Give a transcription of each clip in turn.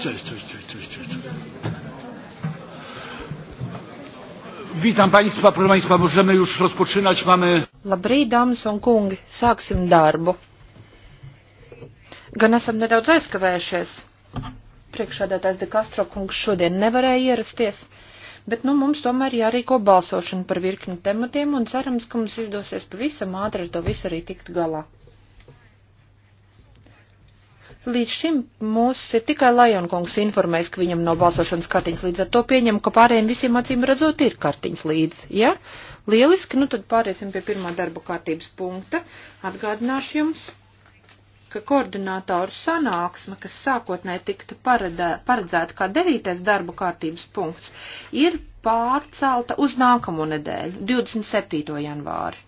cześć, cześć, cześć, cześć, cześć. Witam Państwa, proszę Państwa, możemy już rozpoczynać, mamy... Labrīt, dāmas un kungi, sāksim darbu. Gan esam nedaudz aizkavējušies. Priekšādātājs De Castro kungs šodien nevarēja ierasties, bet nu mums tomēr jārīko balsošana par virkni tematiem un cerams, ka mums izdosies pavisam ātri ar to visu arī tikt galā. Līdz šim mūs ir tikai Lajonkungs informējis, ka viņam nav balsošanas kartiņas, līdz ar to pieņemu, ka pārējiem visiem acīm redzot ir kartiņas līdz, ja? Lieliski, nu tad pāriesim pie pirmā darba kārtības punkta. Atgādināšu jums, ka koordinātoru sanāksme, kas sākotnē tikta paredē, paredzēta kā devītais darba kārtības punkts, ir pārcelta uz nākamo nedēļu, 27. janvāri.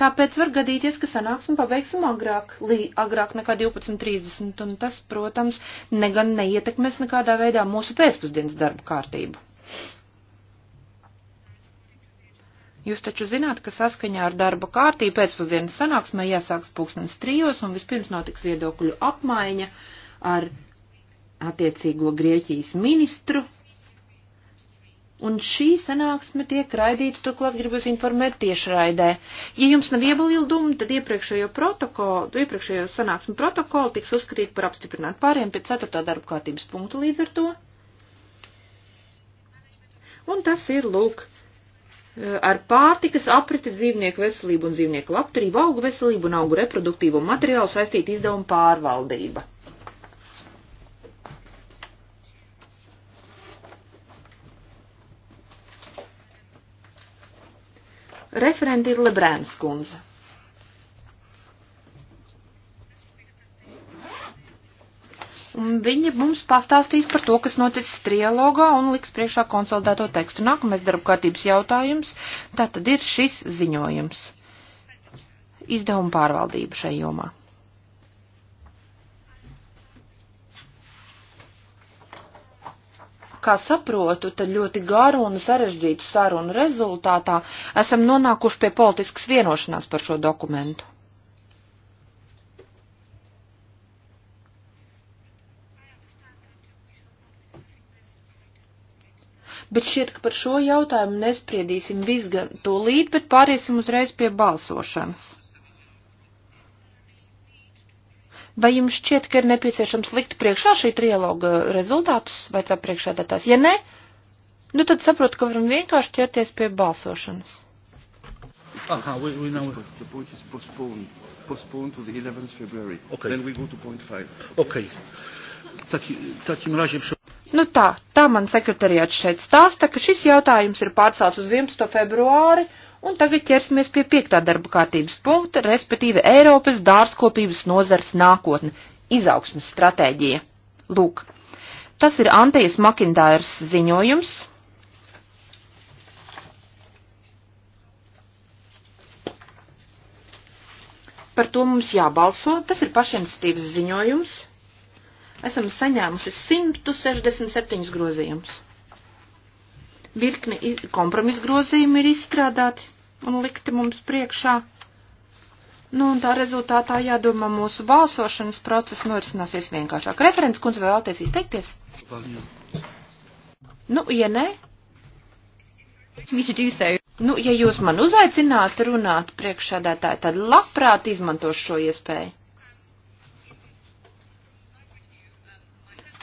Tāpēc var gadīties, ka sanāksim pabeigsim agrāk, lī, agrāk nekā 12.30, un tas, protams, negan neietekmēs nekādā veidā mūsu pēcpusdienas darbu kārtību. Jūs taču zināt, ka saskaņā ar darba kārtību pēcpusdienas sanāksmē jāsāks pūkstens trijos, un vispirms notiks viedokļu apmaiņa ar attiecīgo Grieķijas ministru Un šī sanāksme tiek raidīta, turklāt gribu jūs informēt tiešraidē. Ja jums nav iebildumu, tad iepriekšējo protokolu, iepriekšējo sanāksmu protokolu tiks uzskatīt par apstiprinātu pāriem pie 4. darba kārtības punktu līdz ar to. Un tas ir, lūk, ar pārtikas apriti dzīvnieku veselību un dzīvnieku labturību, augu veselību un augu reproduktīvu materiālu saistīt izdevumu pārvaldība. Referenti ir Lebrēns kundze. Un viņi mums pastāstīs par to, kas noticis trialogā un liks priekšā konsolidēto tekstu. Nākamais darba kārtības jautājums, tā tad ir šis ziņojums. Izdevuma pārvaldība šai jomā. kā saprotu, tad ļoti garu un sarežģītu sarunu rezultātā esam nonākuši pie politiskas vienošanās par šo dokumentu. Bet šķiet, ka par šo jautājumu nespriedīsim visgan tūlīt, bet pāriesim uzreiz pie balsošanas. Vai jums šķiet, ka ir nepieciešams likt priekšā šī trialoga rezultātus, vai cep priekšā datās? Ja nē, nu tad saprotu, ka varam vienkārši ķerties pie balsošanas. Aha, we, we now... The point is postponed, postponed to the 11th February. Okay. Then we go to point 5. Okay. Taki, takim razie... Nu tā, tā man sekretariāts šeit stāsta, ka šis jautājums ir pārcelts uz 11. februāri. Uh, Un tagad ķersimies pie piektā darba kārtības punkta, respektīvi Eiropas dārzkopības nozars nākotne - izaugsmas stratēģija. Lūk, tas ir Antejas Makintājas ziņojums. Par to mums jābalso. Tas ir pašinstīvas ziņojums. Esam saņēmuši 167 grozījumus virkni kompromisu grozījumi ir izstrādāti un likti mums priekšā. Nu, un tā rezultātā jādomā mūsu balsošanas process norisināsies vienkāršāk. Referents kundze vēlaties izteikties? Nu, ja nē. Nu, ja jūs man uzaicināt runāt priekšsādātāji, tad labprāt izmantošu šo iespēju.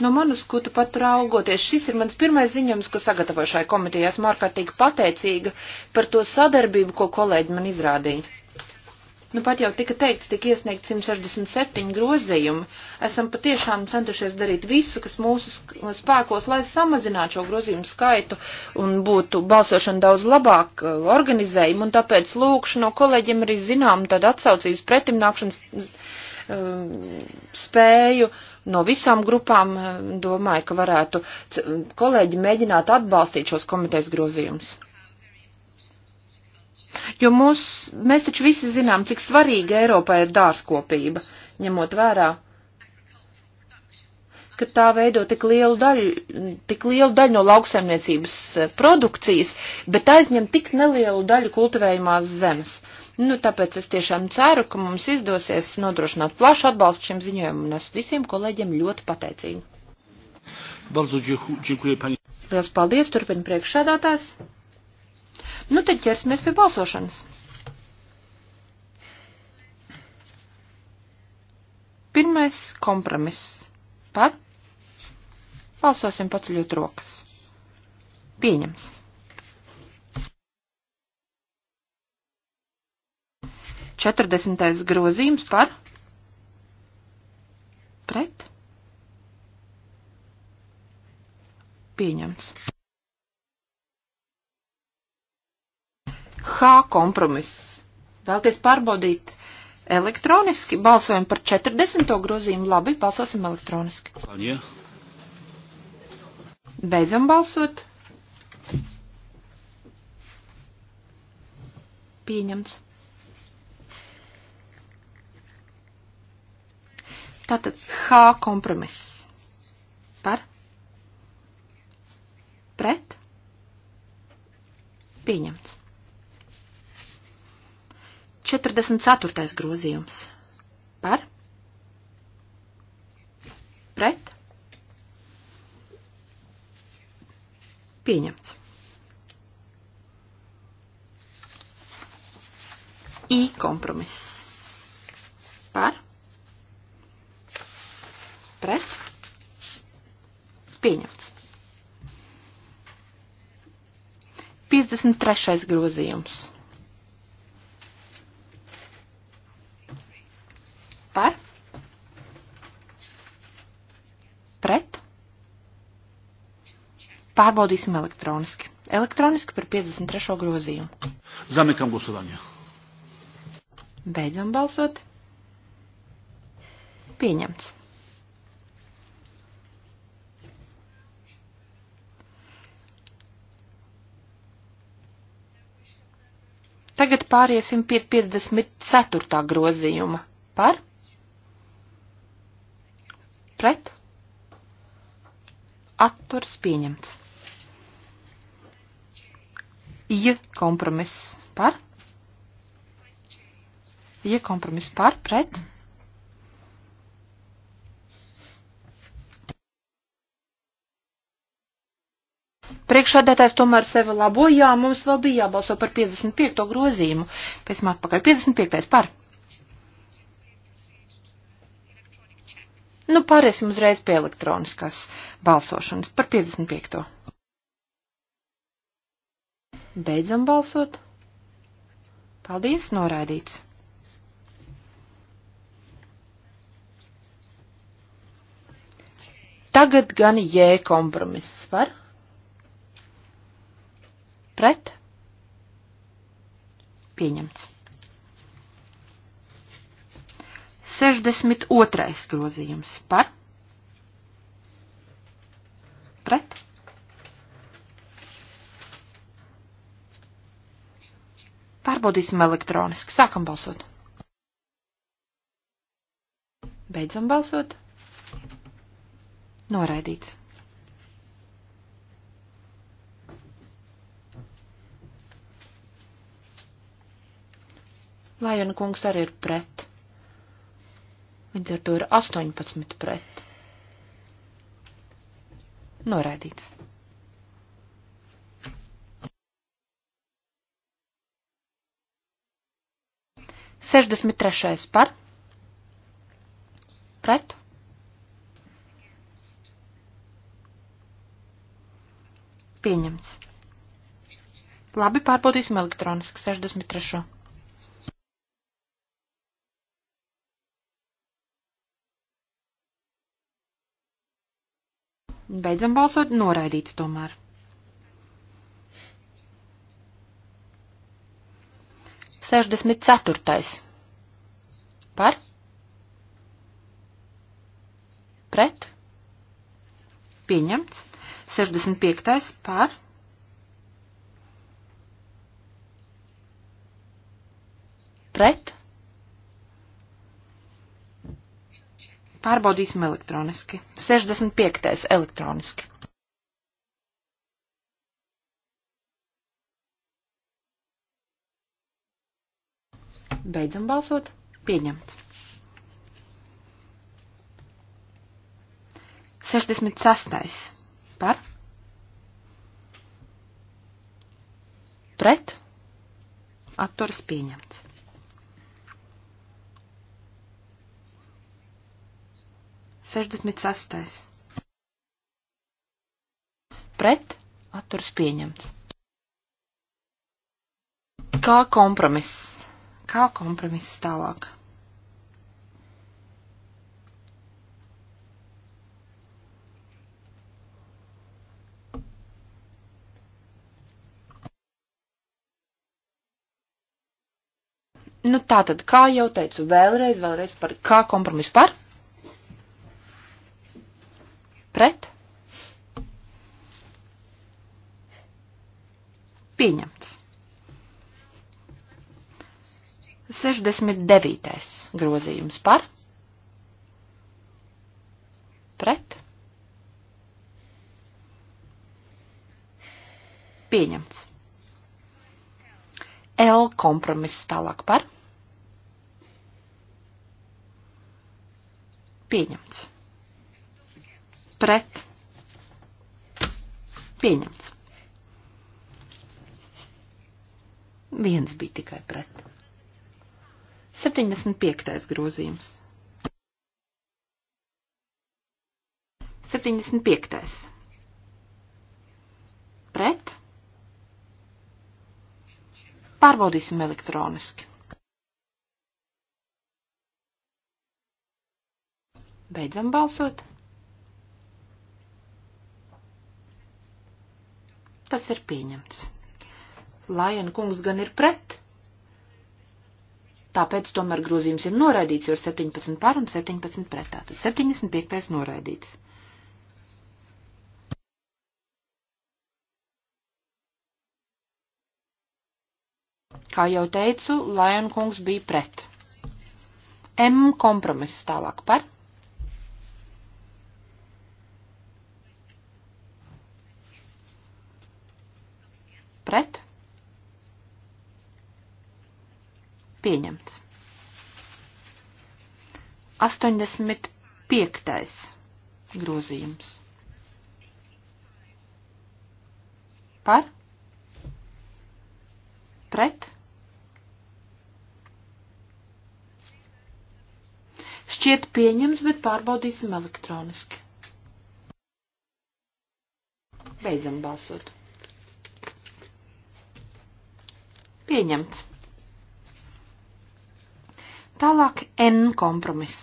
No manas skatu pat raugoties, šis ir mans pirmais ziņojums, ko sagatavoju šai komitejai. Esmu ārkārtīgi pateicīga par to sadarbību, ko kolēģi man izrādīja. Nu, pat jau tika teikts, tika iesniegt 167 grozījumi. Esam patiešām centušies darīt visu, kas mūsu spēkos, lai samazinātu šo grozījumu skaitu un būtu balsošana daudz labāk uh, organizējuma. Un tāpēc lūkšu no kolēģiem arī zinām tādu atsaucības pretimnākšanas Um, spēju no visām grupām. Um, domāju, ka varētu um, kolēģi mēģināt atbalstīt šos komitejas grozījumus. Jo mūs, mēs taču visi zinām, cik svarīga Eiropā ir dārzkopība, ņemot vērā, ka tā veido tik lielu daļu, tik lielu daļu no lauksaimniecības eh, produkcijas, bet aizņem tik nelielu daļu kultivējumās zemes. Uh, Nu, tāpēc es tiešām ceru, ka mums izdosies nodrošināt plašu atbalstu šim ziņojumam, un es visiem kolēģiem ļoti pateicīgi. Bardzo dziękuję, pani. Liels paldies, turpina priekšsēdātājs. Nu, tad ķersimies pie balsošanas. Pirmais kompromiss. Par? Balsosim paceļot rokas. Pieņems. 40. grozījums par pret pieņemts. H kompromiss. Vēlties pārbaudīt elektroniski. Balsojam par 40. grozījumu. Labi, balsosim elektroniski. Saņie. Beidzam balsot. Pieņemts. Tātad H kompromiss. Par? Pret? Pieņemts. 44. grozījums. Par? Pret? Pieņemts. I kompromiss. Par? Pret. Pieņemts. 53. grozījums. Par. Pret. Pārbaudīsim elektroniski. Elektroniski par 53. grozījumu. Zamekam głosowanie. Beidzam balsot. Pieņemts. Tagad pāriesim pie 54. grozījuma. Par? Pret? Atturs pieņemts. Ja kompromiss par? Ja kompromiss par, pret? Priekšādētājs tomēr sevi labo, jā, mums vēl bija jābalso par 55. grozījumu. Pēc māk pakaļ 55. par. Nu, pāriesim uzreiz pie elektroniskās balsošanas par 55. Beidzam balsot. Paldies, noraidīts. Tagad gan jē kompromiss var. Pret? Pieņemts. 62. grozījums par? Pret? Pārbaudīsim elektroniski. Sākam balsot. Beidzam balsot. Noraidīts. Lajona kungs arī ir pret. Līdz ar to ir 18 pret. Noraidīts. Sešdesmit trešais par. Pret. Pieņemts. Labi, pārbaudīsim elektroniski 63. Beidzam balsot, noraidīts tomēr. Sešdesmit ceturtais. Par? Pret? Pieņemts. 65. par. Pret. Pārbaudīsim elektroniski. 65. elektroniski. Beidzam balsot. Pieņemts. 66. Par? Pret? Atturas pieņemts. 66. Pret atturs pieņemts. Kā kompromiss? Kā kompromiss tālāk? Nu, tā tad, kā jau teicu, vēlreiz, vēlreiz par kā kompromisu par? Pret? Pieņemts. 69. grozījums par? Pret? Pieņemts. L kompromiss tālāk par? Pieņemts pret pieņemts. Viens bija tikai pret. 75. grozījums. 75. Pret. Pārbaudīsim elektroniski. Beidzam balsot. pats ir pieņemts. Lajana kungs gan ir pret. Tāpēc tomēr grozījums ir noraidīts, jo ir 17 par un 17 pretā. Tad 75. noraidīts. Kā jau teicu, Lajon kungs bija pret. M kompromiss tālāk par. Pieņemts. 85. grozījums. Par? Pret? Šķiet pieņems, bet pārbaudīsim elektroniski. Beidzam balsot. Pieņemts. Tālāk N kompromiss.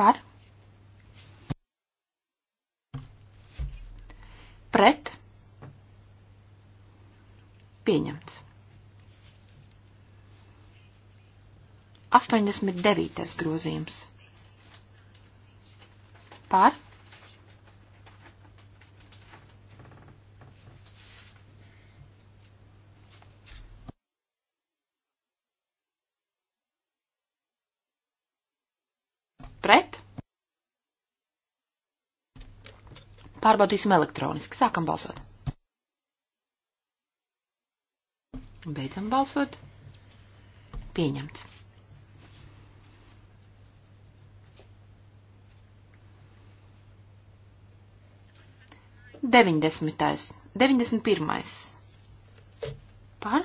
Par. Pret. Pieņemts. 89. grozījums. Par Pārbaudīsim elektroniski. Sākam balsot. Beidzam balsot. Pieņemts. Deviņdesmitais. Deviņdesmit pirmais. Par?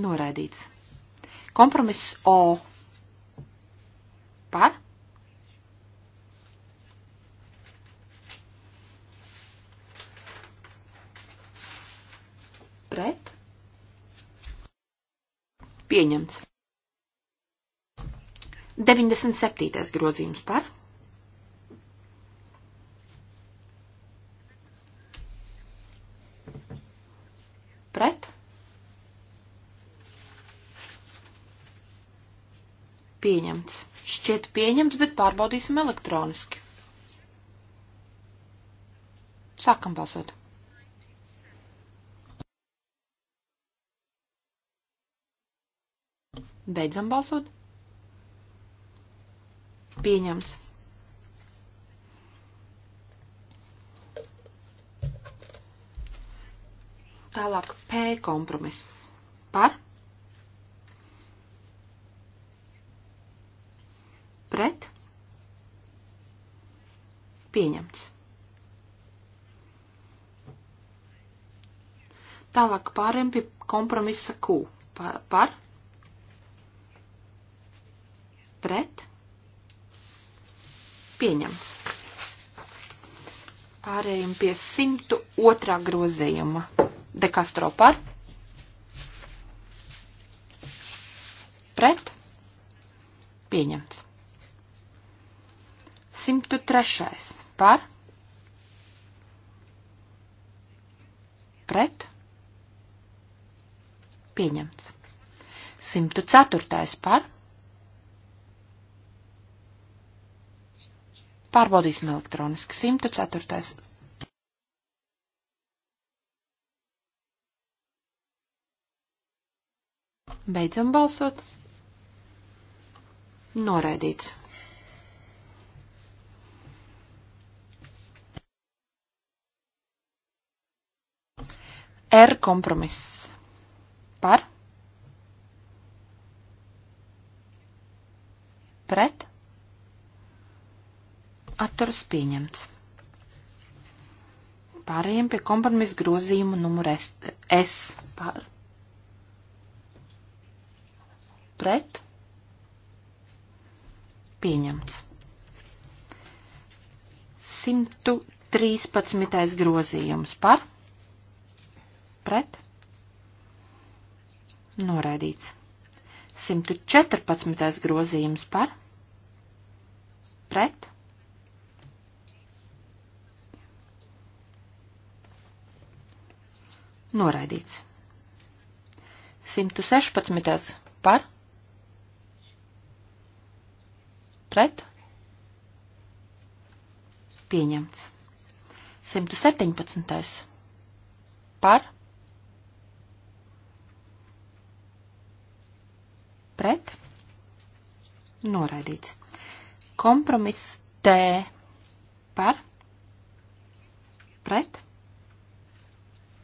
Noraidīts. Kompromiss O. Par? Pret? Pieņemts. 97. grozījums par? Pieņemts. Šķiet pieņemts, bet pārbaudīsim elektroniski. Sākam balsot. Beidzam balsot. Pieņemts. Tālāk P kompromiss. Par? Pieņemts. Tālāk pāriem pie kompromisa Q. Par, par pret, pieņemts. Pārējiem pie 102. grozījuma. De Castro par, pret, pieņemts. 103 par, pret, pieņemts. 104. par, pārbaudīsim elektroniski, 104. Beidzam balsot. Noraidīts. R kompromiss. Par? Pret? Atturas pieņemts. Pārējiem pie kompromisa grozījuma numur S. S par. Pret? Pieņemts. 113. grozījums par pret, noraidīts. 114. grozījums par, pret, noraidīts. 116. par, pret, pieņemts. 117. par, pret, noraidīts. Kompromiss T par, pret,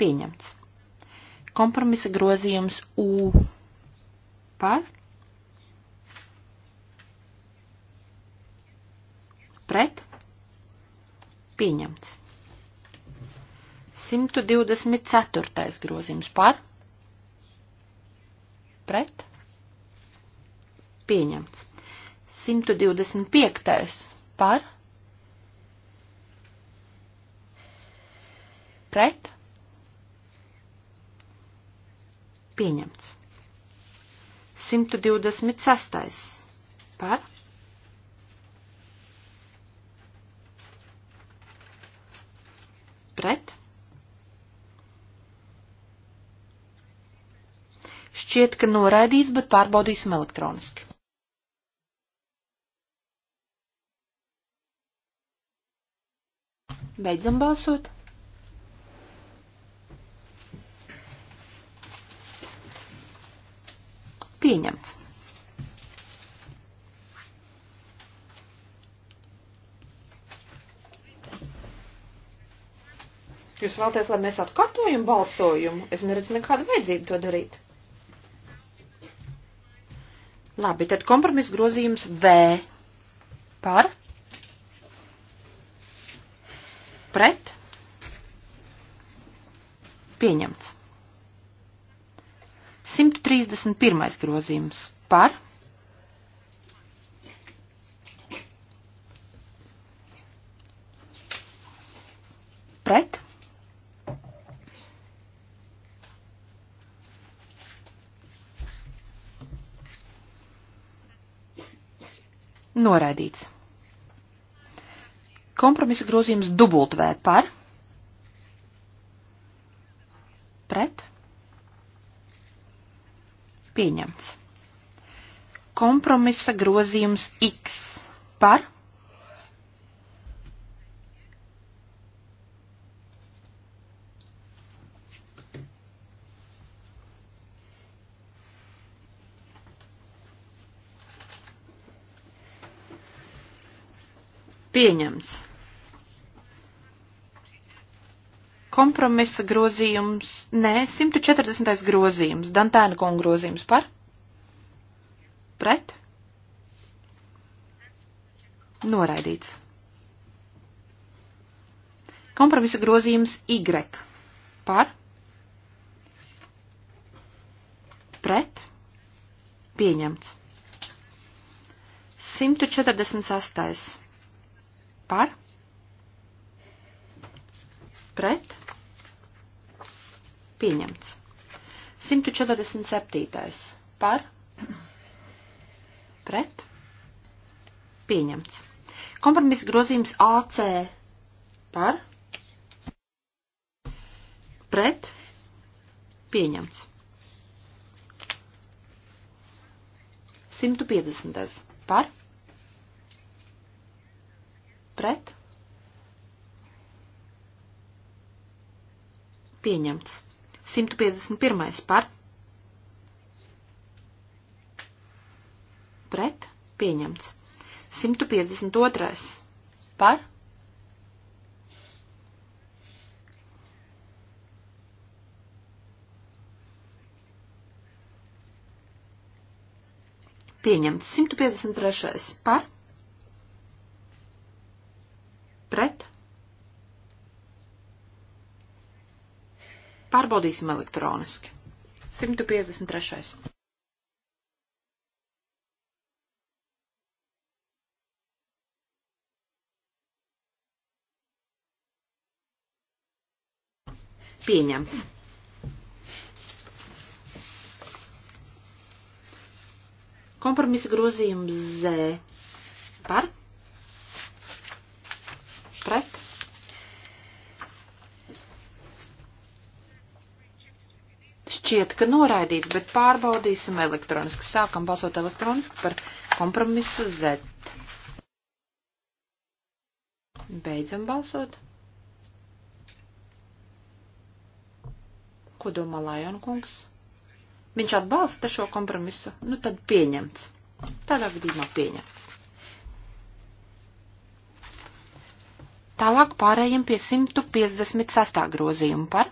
pieņemts. Kompromisa grozījums U par, pret, pieņemts. 124. grozījums par, pret, pieņemts. 125. par pret pieņemts. 126. par pret Šķiet, ka noraidīts, bet pārbaudīsim elektroniski. Beidzam balsot. Pieņemts. Jūs vēlaties, lai mēs atkārtojam balsojumu? Es neredzu nekādu vajadzību to darīt. Labi, tad kompromiss grozījums V par pret, pieņemts. 131. grozījums par, pret, noraidīts. Kompromisa grozījums dubultvē par, pret, pieņemts. Kompromisa grozījums X par, pieņemts. Kompromisa grozījums, nē, 140. grozījums, Dantēna kunga grozījums par? Pret? Noraidīts. Kompromisa grozījums Y par? Pret? Pieņemts. 148. Par? Pret? Pieņemts. 147. Par. Pret. Pieņemts. Kompromisa grozījums AC. Par. Pret. Pieņemts. 150. Par. Pret. Pieņemts. 151. par. Pret. Pieņemts. 152. par. Pieņemts. 153. par. Pret. Pārbaudīsim elektroniski. 153. Pieņemts. Kompromisa grozījums Z par pret šķiet, ka noraidīts, bet pārbaudīsim elektroniski. Sākam balsot elektroniski par kompromisu Z. Beidzam balsot. Ko domā Lajonkungs? Viņš atbalsta šo kompromisu, nu tad pieņemts. Tādā gadījumā pieņemts. Tālāk pārējiem pie 156. grozījumu par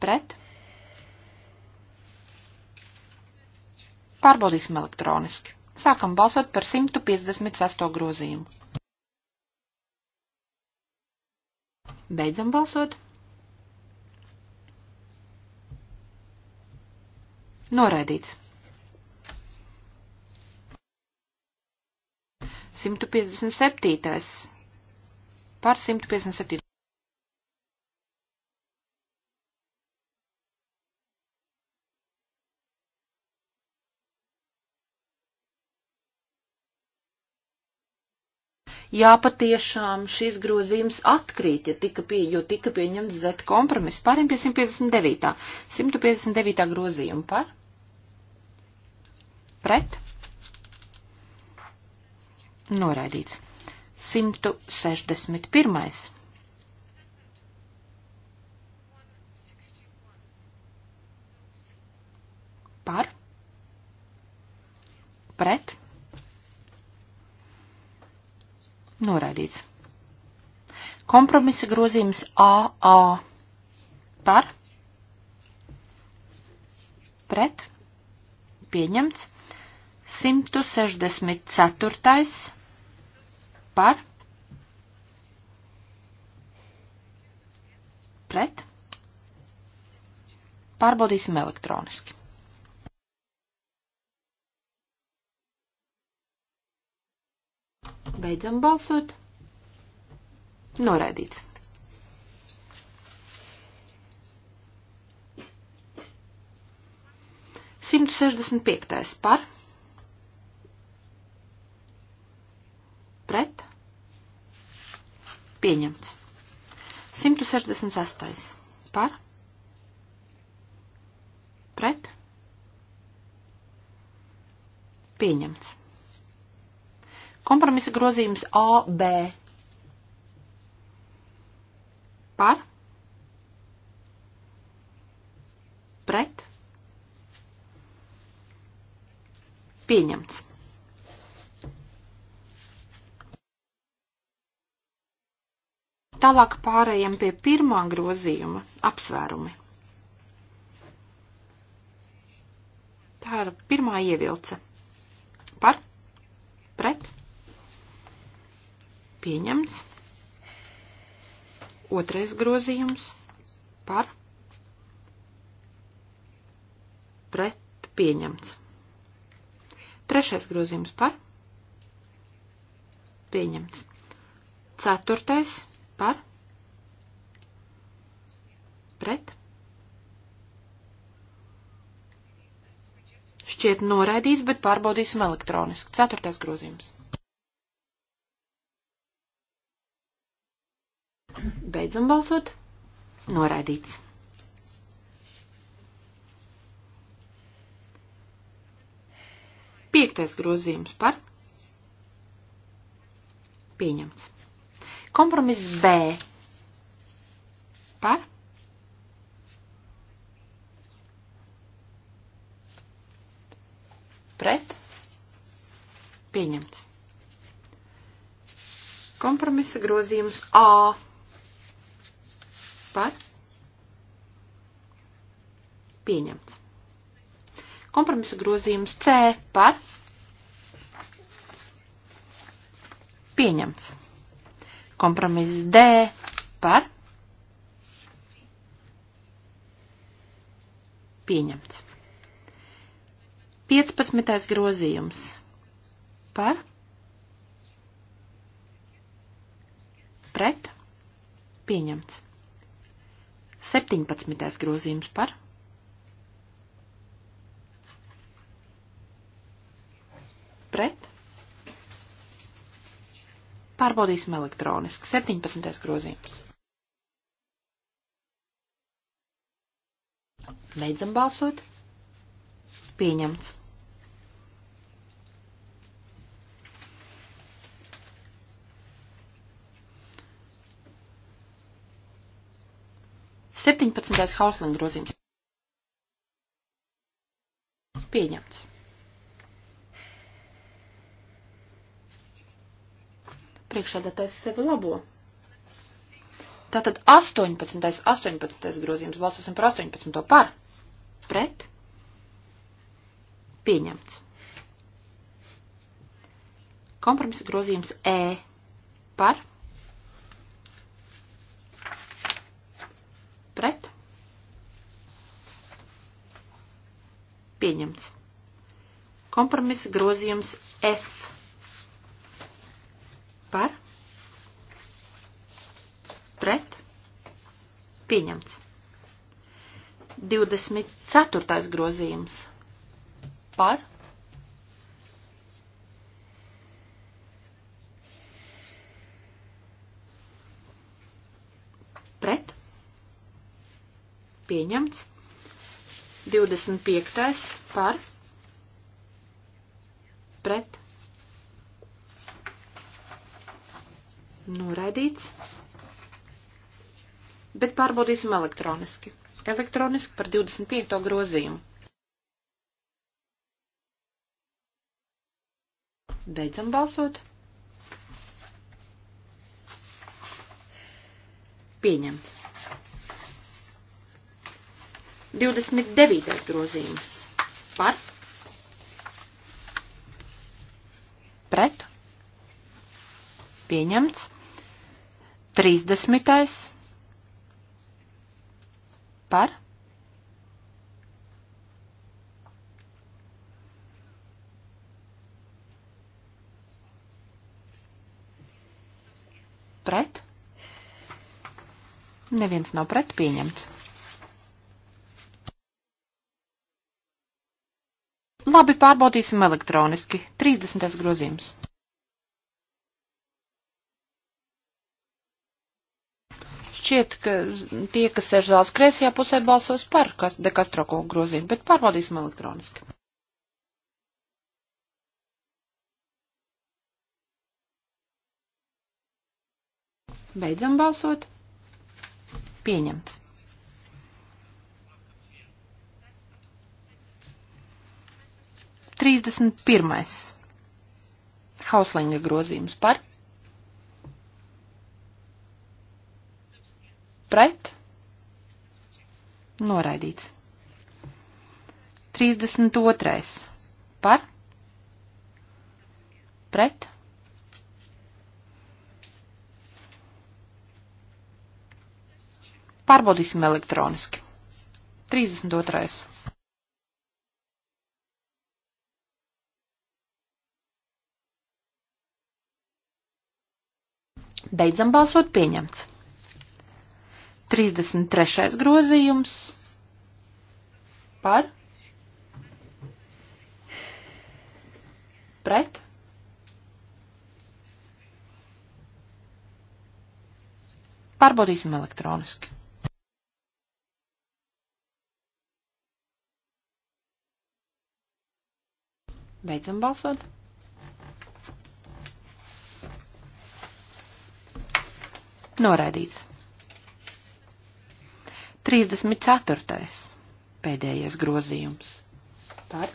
pret. Pārbaudīsim elektroniski. Sākam balsot par 156. grozījumu. Beidzam balsot. Noraidīts. 157. Par 157. jā, patiešām šis grozījums atkrīt, ja tika pie, jo tika pieņemts Z kompromiss. Pārim pie 159. 159. grozījuma par? Pret? Noraidīts. 161. Par? Pret? Noraidīts. Kompromisa grozījums AA par, pret, pieņemts, 164. par, pret, pārbaudīsim elektroniski. Beidzam balsot. Noraidīts. Simt sešdesmit piektais par. Pret. Pieņemts. 168. Par. Pret. Pieņemts. Kompromisa grozījums AB. Par? Pret? Pieņemts. Tālāk pārējiem pie pirmā grozījuma - apsvērumi. Tā ir pirmā ievilce. pieņemts. Otrais grozījums par pret pieņemts. Trešais grozījums par pieņemts. Ceturtais par pret. Šķiet noraidīts, bet pārbaudīsim elektroniski. Ceturtais grozījums. Beidzam balsot. Noraidīts. Piektais grozījums par pieņemts. Kompromiss B par pret pieņemts. Kompromisa grozījums A Par? Pieņemts. Kompromisa grozījums C par? Pieņemts. Kompromiss D par? Pieņemts. 15. grozījums par pret pieņemts. 17. grozījums par. Pret. Pārbaudīsim elektroniski. 17. grozījums. Beidzam balsot. Pieņemts. 17. Hauslinga grozījums. Pieņemts. Priekšādātais sevi labo. Tātad 18. 18. grozījums. Balsosim par 18. par. Pret. Pieņemts. Kompromisa grozījums E par Pieņemts. Kompromisa grozījums F. Par. Pret. Pieņemts. 24. grozījums. Par. Pret. Pieņemts. 25. par pret noraidīts, bet pārbaudīsim elektroniski. Elektroniski par 25. grozījumu. Beidzam balsot. Pieņemts. 29. grozījums par pret pieņemts 30. par pret neviens nav pret pieņemts. Labi, pārbaudīsim elektroniski. 30. grozījums. Šķiet, ka tie, kas sēž zāles kreisajā pusē, balsos par dekastroko grozījumu, bet pārbaudīsim elektroniski. Beidzam balsot. Pieņemts. 31. Hauslinga grozījums par. Pret. Noraidīts. 32. Par. Pret. Pārbaudīsim elektroniski. 32. Beidzam balsot pieņemts. 33. grozījums par pret Pārbaudīsim elektroniski. Beidzam balsot. Noraidīts. 34. pēdējais grozījums. Par.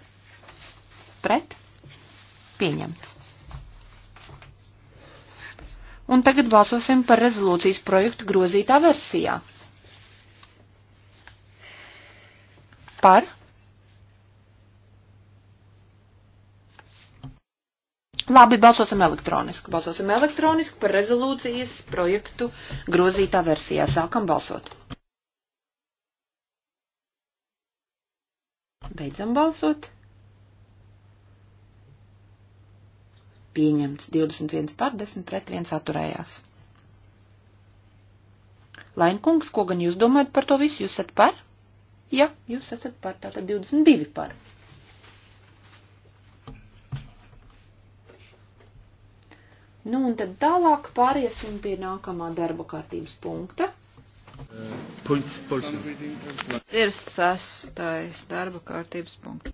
Pret. Pieņemts. Un tagad balsosim par rezolūcijas projektu grozītā versijā. Par. Labi, balsosim elektroniski. Balsosim elektroniski par rezolūcijas projektu grozītā versijā. Sākam balsot. Beidzam balsot. Pieņemts 21 par 10 pret 1 atturējās. Lainkungs, ko gan jūs domājat par to visu? Jūs esat par? Ja, jūs esat par, tātad 22 par. Nu, un tad tālāk pāriesim pie nākamā darba kārtības punkta. Punkts, punkts. Ir sastais darba kārtības punkts.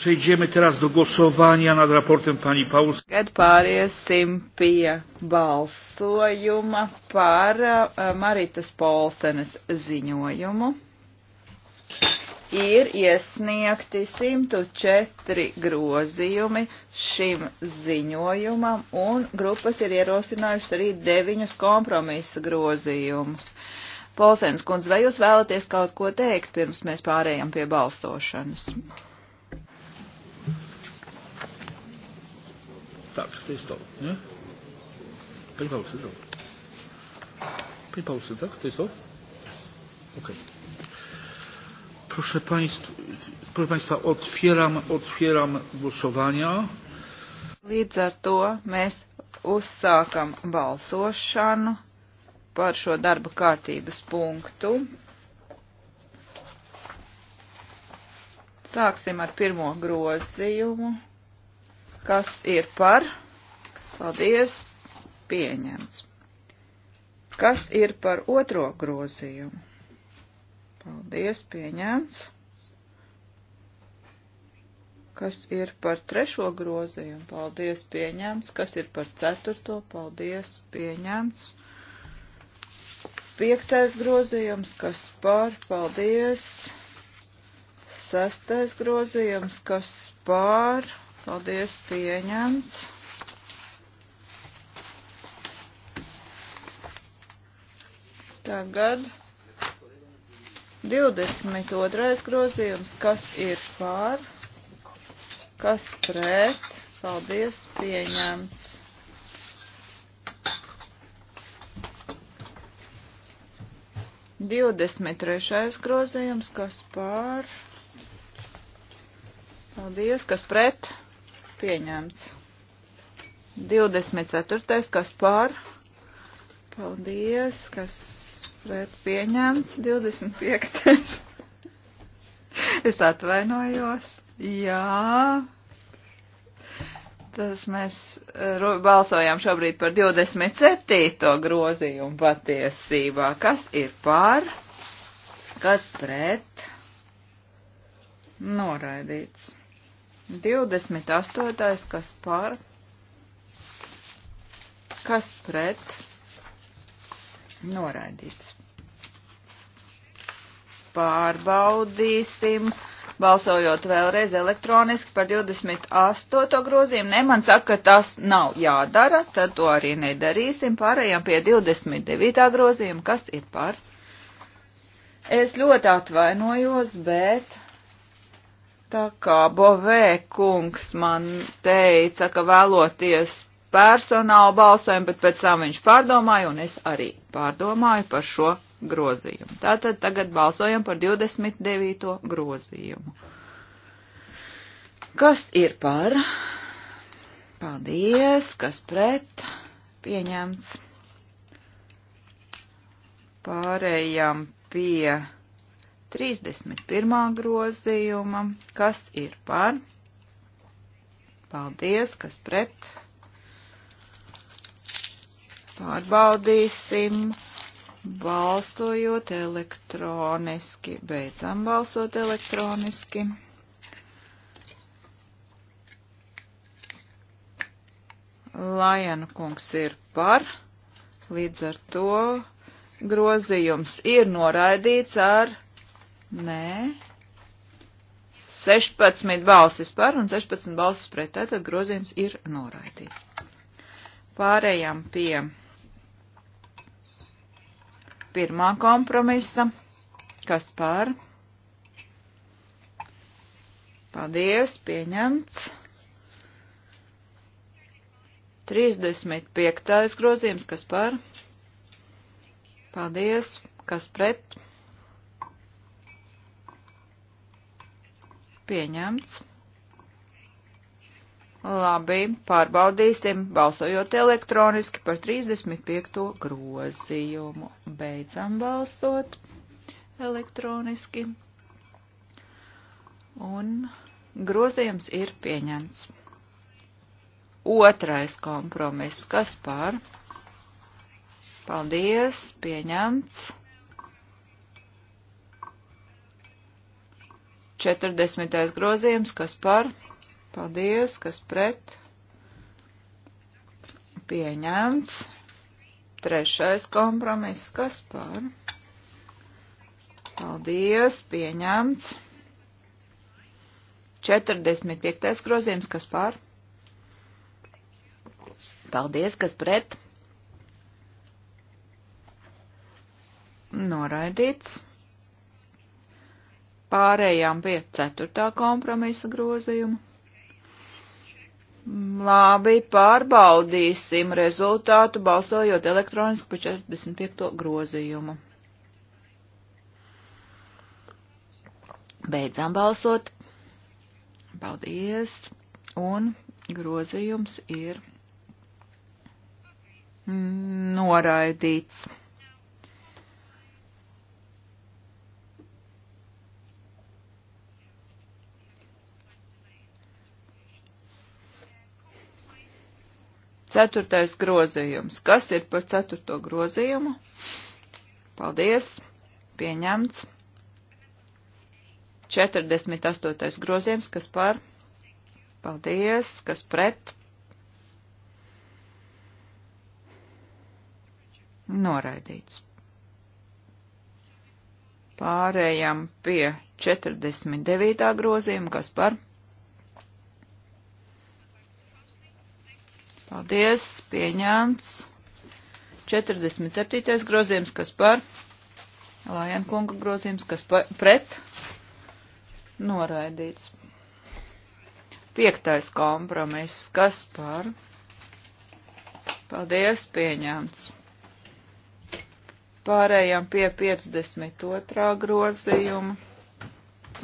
Przejdziemy teraz do głosowania nad raportem pani Paulus. Kad pāriesim pie balsojuma par eh, Maritas Polsenes ziņojumu ir iesniegti 104 grozījumi šim ziņojumam, un grupas ir ierosinājušas arī 9 kompromisa grozījumus. Polsēns kundze, vai jūs vēlaties kaut ko teikt, pirms mēs pārējām pie balsošanas? Так, что есть то? Не? Припался, да? Припался, так? Что есть то? Окей. Okay. Proszę, państw, proszę Państwa, otwieram, otwieram głosowania. Līdz ar to mēs uzsākam balsošanu par šo darba kārtības punktu. Sāksim ar pirmo grozījumu. Kas ir par? Paldies, pieņemts. Kas ir par otro grozījumu? Paldies, pieņemts. Kas ir par trešo grozījumu? Paldies, pieņemts. Kas ir par ceturto? Paldies, pieņemts. Piektais grozījums, kas par? Paldies. Sestais grozījums, kas par? Paldies, pieņemts. Tagad 22. grozījums, kas ir pār, kas pret, paldies, pieņemts. Divdesmit trešais grozījums, kas pār, paldies, kas pret, pieņemts. Divdesmit ceturtais, kas pār, paldies, kas pret pieņemts, 25. es atvainojos. Jā. Tas mēs eh, balsojām šobrīd par 27. grozījumu patiesībā. Kas ir par, kas pret? Noraidīts. 28. kas par, kas pret? Noraidīts. Pārbaudīsim, balsojot vēlreiz elektroniski par 28. grozījumu. Ne, man saka, ka tas nav jādara, tad to arī nedarīsim. Pārējām pie 29. grozījuma, kas ir par. Es ļoti atvainojos, bet tā kā Bovē kungs man teica, ka vēloties personāla balsojumu, bet pēc tam viņš pārdomāja un es arī pārdomāju par šo grozījumu. Tātad tagad balsojam par 29. grozījumu. Kas ir par? Paldies, kas pret? Pieņemts. Pārējām pie 31. grozījuma. Kas ir par? Paldies, kas pret? Pārbaudīsim, balsojot elektroniski. Beidzam balsot elektroniski. Lajana kungs ir par, līdz ar to grozījums ir noraidīts ar, nē, 16 balsis par un 16 balsis pret, tātad grozījums ir noraidīts. Pārējām pie pirmā kompromisa. Kas par? Paldies, pieņemts. 35. grozījums, kas par? Paldies, kas pret? Pieņemts. Labi, pārbaudīsim, balsojot elektroniski par 35. grozījumu. Beidzam balsot elektroniski. Un grozījums ir pieņemts. Otrais kompromiss, kas par? Paldies, pieņemts. 40. grozījums, kas par? Paldies. Paldies, kas pret. Pieņemts. Trešais kompromiss, kas par. Paldies, pieņemts. 45. grozījums, kas pār? Paldies, kas pret? Noraidīts. Pārējām pie 4. kompromisa grozījuma. Labi, pārbaudīsim rezultātu balsojot elektroniski pa 45. grozījumu. Beidzām balsot. Paldies. Un grozījums ir noraidīts. Ceturtais grozījums. Kas ir par ceturto grozījumu? Paldies. Pieņemts. 48. grozījums. Kas par? Paldies. Kas pret? Noraidīts. Pārējām pie 49. grozījuma. Kas par? Paldies, pieņemts. 47. grozījums, kas par? Lajana kunga grozījums, kas par, pret? Noraidīts. Piektais kompromiss, kas par? Paldies, pieņemts. Pārējām pie 52. grozījuma.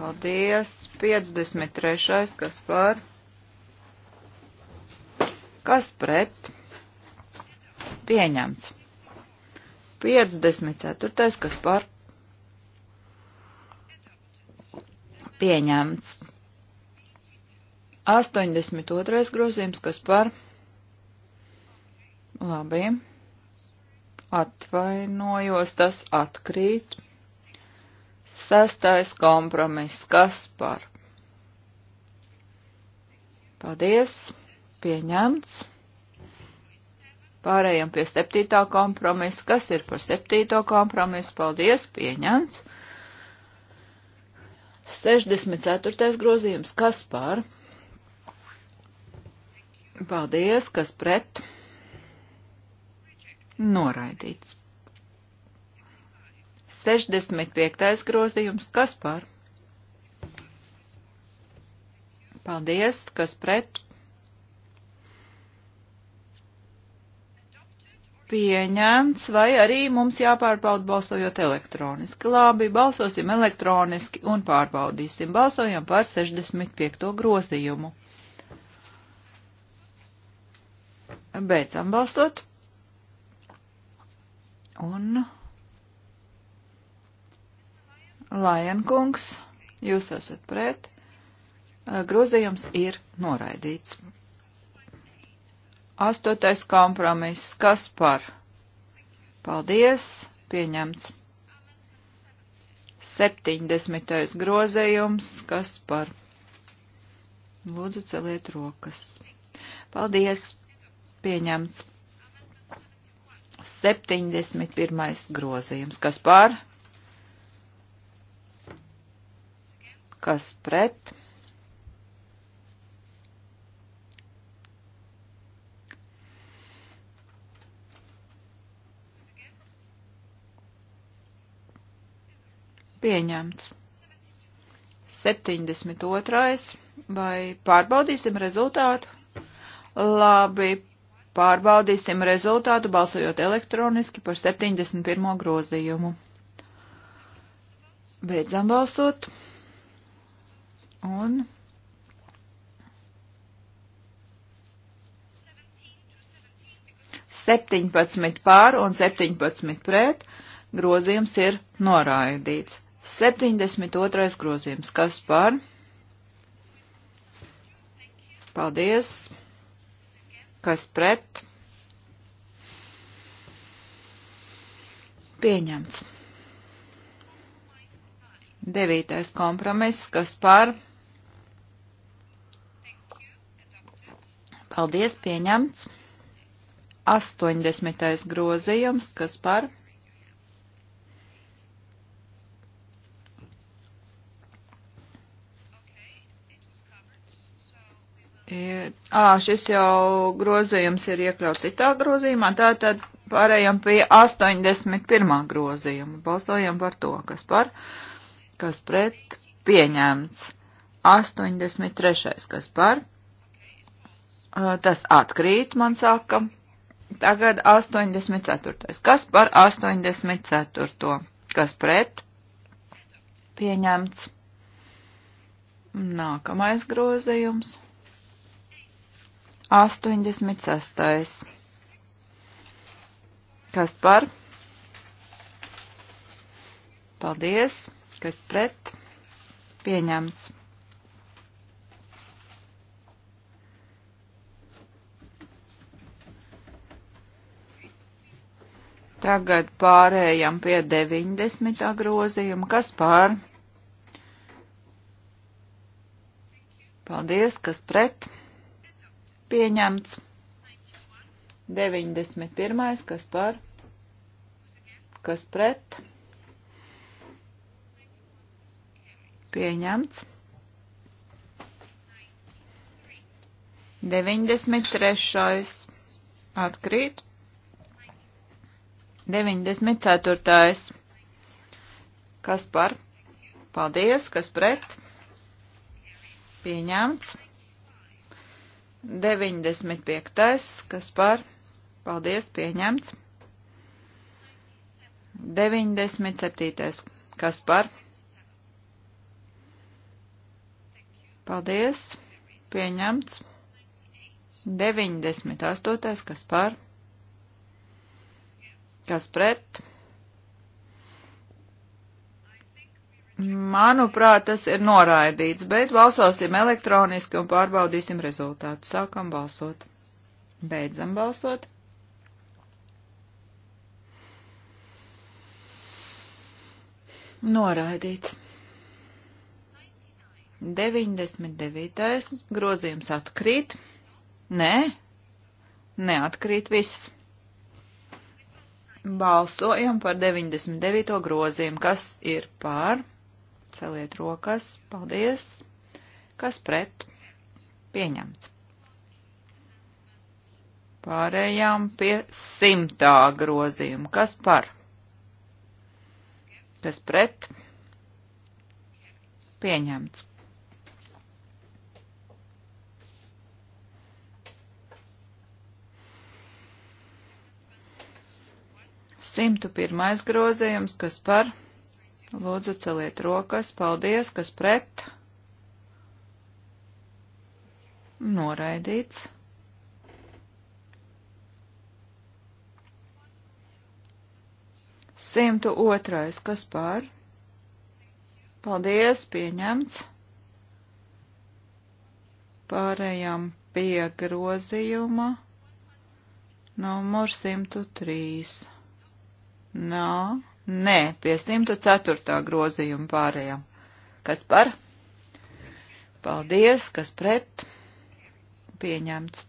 Paldies. 53. kas par? Kas pret? Pieņemts. 54. Kas par? Pieņemts. 82. grozījums. Kas par? Labi. Atvainojos, tas atkrīt. Sestais kompromiss. Kas par? Paldies! pieņemts. Pārējām pie septītā kompromisa. Kas ir par septīto kompromisu? Paldies, pieņemts. 64. grozījums. Kas par? Paldies, kas pret? Noraidīts. 65. grozījums. Kas par? Paldies, kas pret? pieņemts, vai arī mums jāpārbauda balsojot elektroniski. Labi, balsosim elektroniski un pārbaudīsim. Balsojam par 65. grozījumu. Beidzam balsot. Un Lajankungs, jūs esat pret. Grozījums ir noraidīts. Astotais kompromiss. Kas par? Paldies. Pieņemts. 70. grozējums. Kas par? Lūdzu, celiet rokas. Paldies. Pieņemts. 71. grozījums. Kas par? Kas pret? Pieņemts. 72. Vai pārbaudīsim rezultātu? Labi, pārbaudīsim rezultātu balsojot elektroniski par 71. grozījumu. Beidzam balsot. Un 17 pār un 17 pret grozījums ir noraidīts. 72. grozījums. Kas par? Paldies. Kas pret? Pieņemts. Devītais kompromiss. Kas par? Paldies. Pieņemts. 80. grozījums. Kas par? Ā, šis jau grozījums ir iekļauts citā grozījumā, tātad pārējām pie 81. grozījuma. Balsojam par to, kas par, kas pret pieņemts. 83. kas par, tas atkrīt, man saka. Tagad 84. Kas par 84. Kas pret? Pieņemts. Nākamais grozījums. 86. Kas par? Paldies. Kas pret? Pieņemts. Tagad pārējām pie 90. grozījuma. Kas pār? Paldies, kas pret? pieņemts. 91. kas par, kas pret, pieņemts. 93. atkrīt. 94. Kas par? Paldies, kas pret? Pieņemts. 95. kas par? Paldies, pieņemts. 97. kas par? Paldies, pieņemts. 98. kas par? Kas pret? Manuprāt, tas ir noraidīts, bet balsosim elektroniski un pārbaudīsim rezultātu. Sākam balsot. Beidzam balsot. Noraidīts. 99. grozījums atkrīt. Nē, neatkrīt viss. Balsojam par 99. grozījumu, kas ir pār Celiet rokas. Paldies. Kas pret? Pieņemts. Pārējām pie simtā grozījuma. Kas par? Kas pret? Pieņemts. Simtu pirmais grozījums, kas par? Lūdzu, celiet rokas. Paldies, kas pret. Noraidīts. Simtu otrais, kas pār? Paldies, pieņemts. Pārējām pie grozījuma numur 103. Nā. Nē, pie 104. grozījuma pārējām. Kas par? Paldies, kas pret? Pieņemts.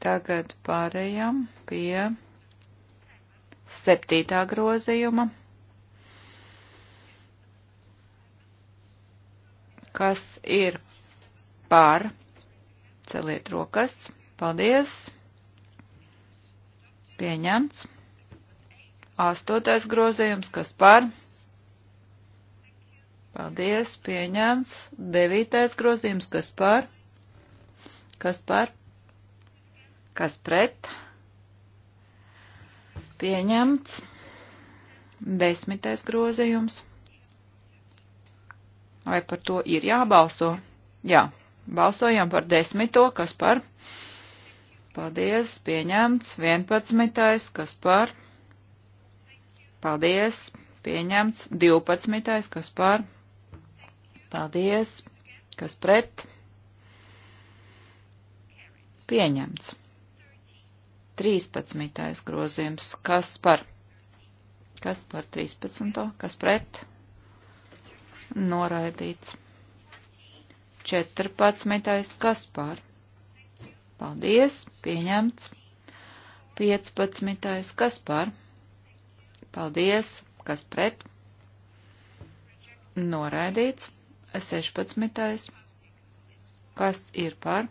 Tagad pārējām pie septītā grozījuma. Kas ir par? Celiet rokas. Paldies! Pieņemts. Astotais grozījums, kas par? Paldies, pieņemts. Devītais grozījums, kas par? Kas par? Kas pret? Pieņemts. Desmitais grozījums. Vai par to ir jābalso? Jā, balsojam par desmito, kas par? Paldies, pieņemts. 11. kas par? Paldies, pieņemts. 12. kas par? Paldies, kas pret? Pieņemts. 13. grozījums. Kas par? Kas par 13. Kas pret? Noraidīts. 14. Kas par? Paldies, pieņemts. 15. Kas par? Paldies, kas pret? Noraidīts. 16. Kas ir par?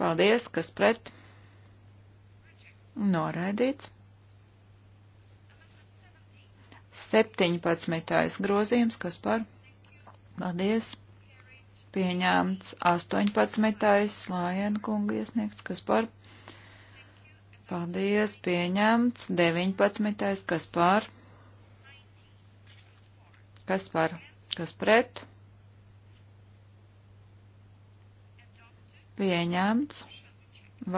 Paldies, kas pret? Noraidīts. 17. grozījums, kas par? Paldies, pieņēmts 18. Lajenkunga iesniegts, kas par. Paldies, pieņemts 19. kas par. Kas par, kas pret. Pieņemts.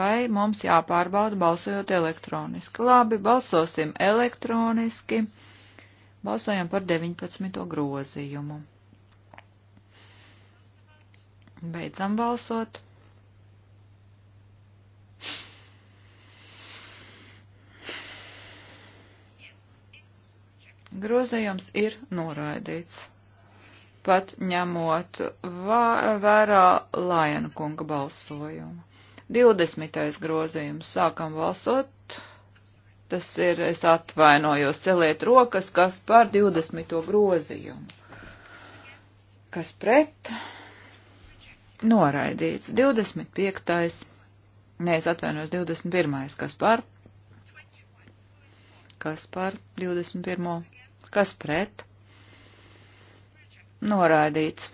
Vai mums jāpārbauda balsojot elektroniski? Labi, balsosim elektroniski. Balsojam par 19. grozījumu. Beidzam balsot. Grozījums ir noraidīts, pat ņemot vērā Lajana kunga balsojumu. 20. grozījums. Sākam balsot. Tas ir, es atvainojos, celiet rokas, kas par 20. grozījumu. Kas pret? noraidīts. 25. Nē, es atvainojos 21. kas par? Kas par 21. Kas pret? Noraidīts.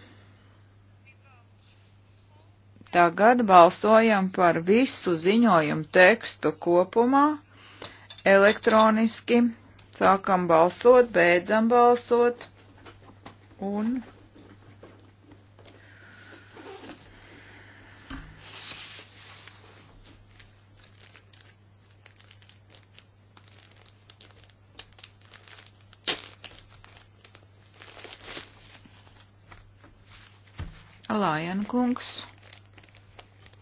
Tagad balsojam par visu ziņojumu tekstu kopumā elektroniski. Sākam balsot, beidzam balsot un Lajenkungs.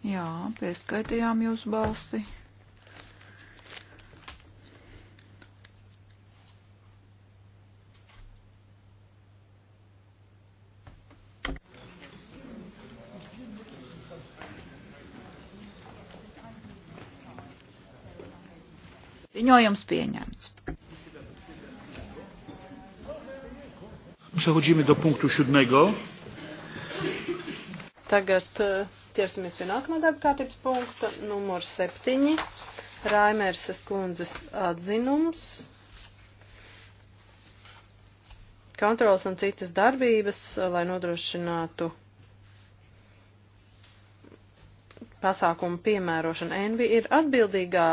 Jā, pieskaitījām jūsu balsi. Ziņojums pieņemts. Przechodzimy do punktu siódmego. Tagad eh, ķersimies pie nākamā darba kārtības punkta, numur septiņi. Raimērsas kundzes atzinums. Kontrols un citas darbības, eh, lai nodrošinātu pasākumu piemērošanu. Envi ir atbildīgā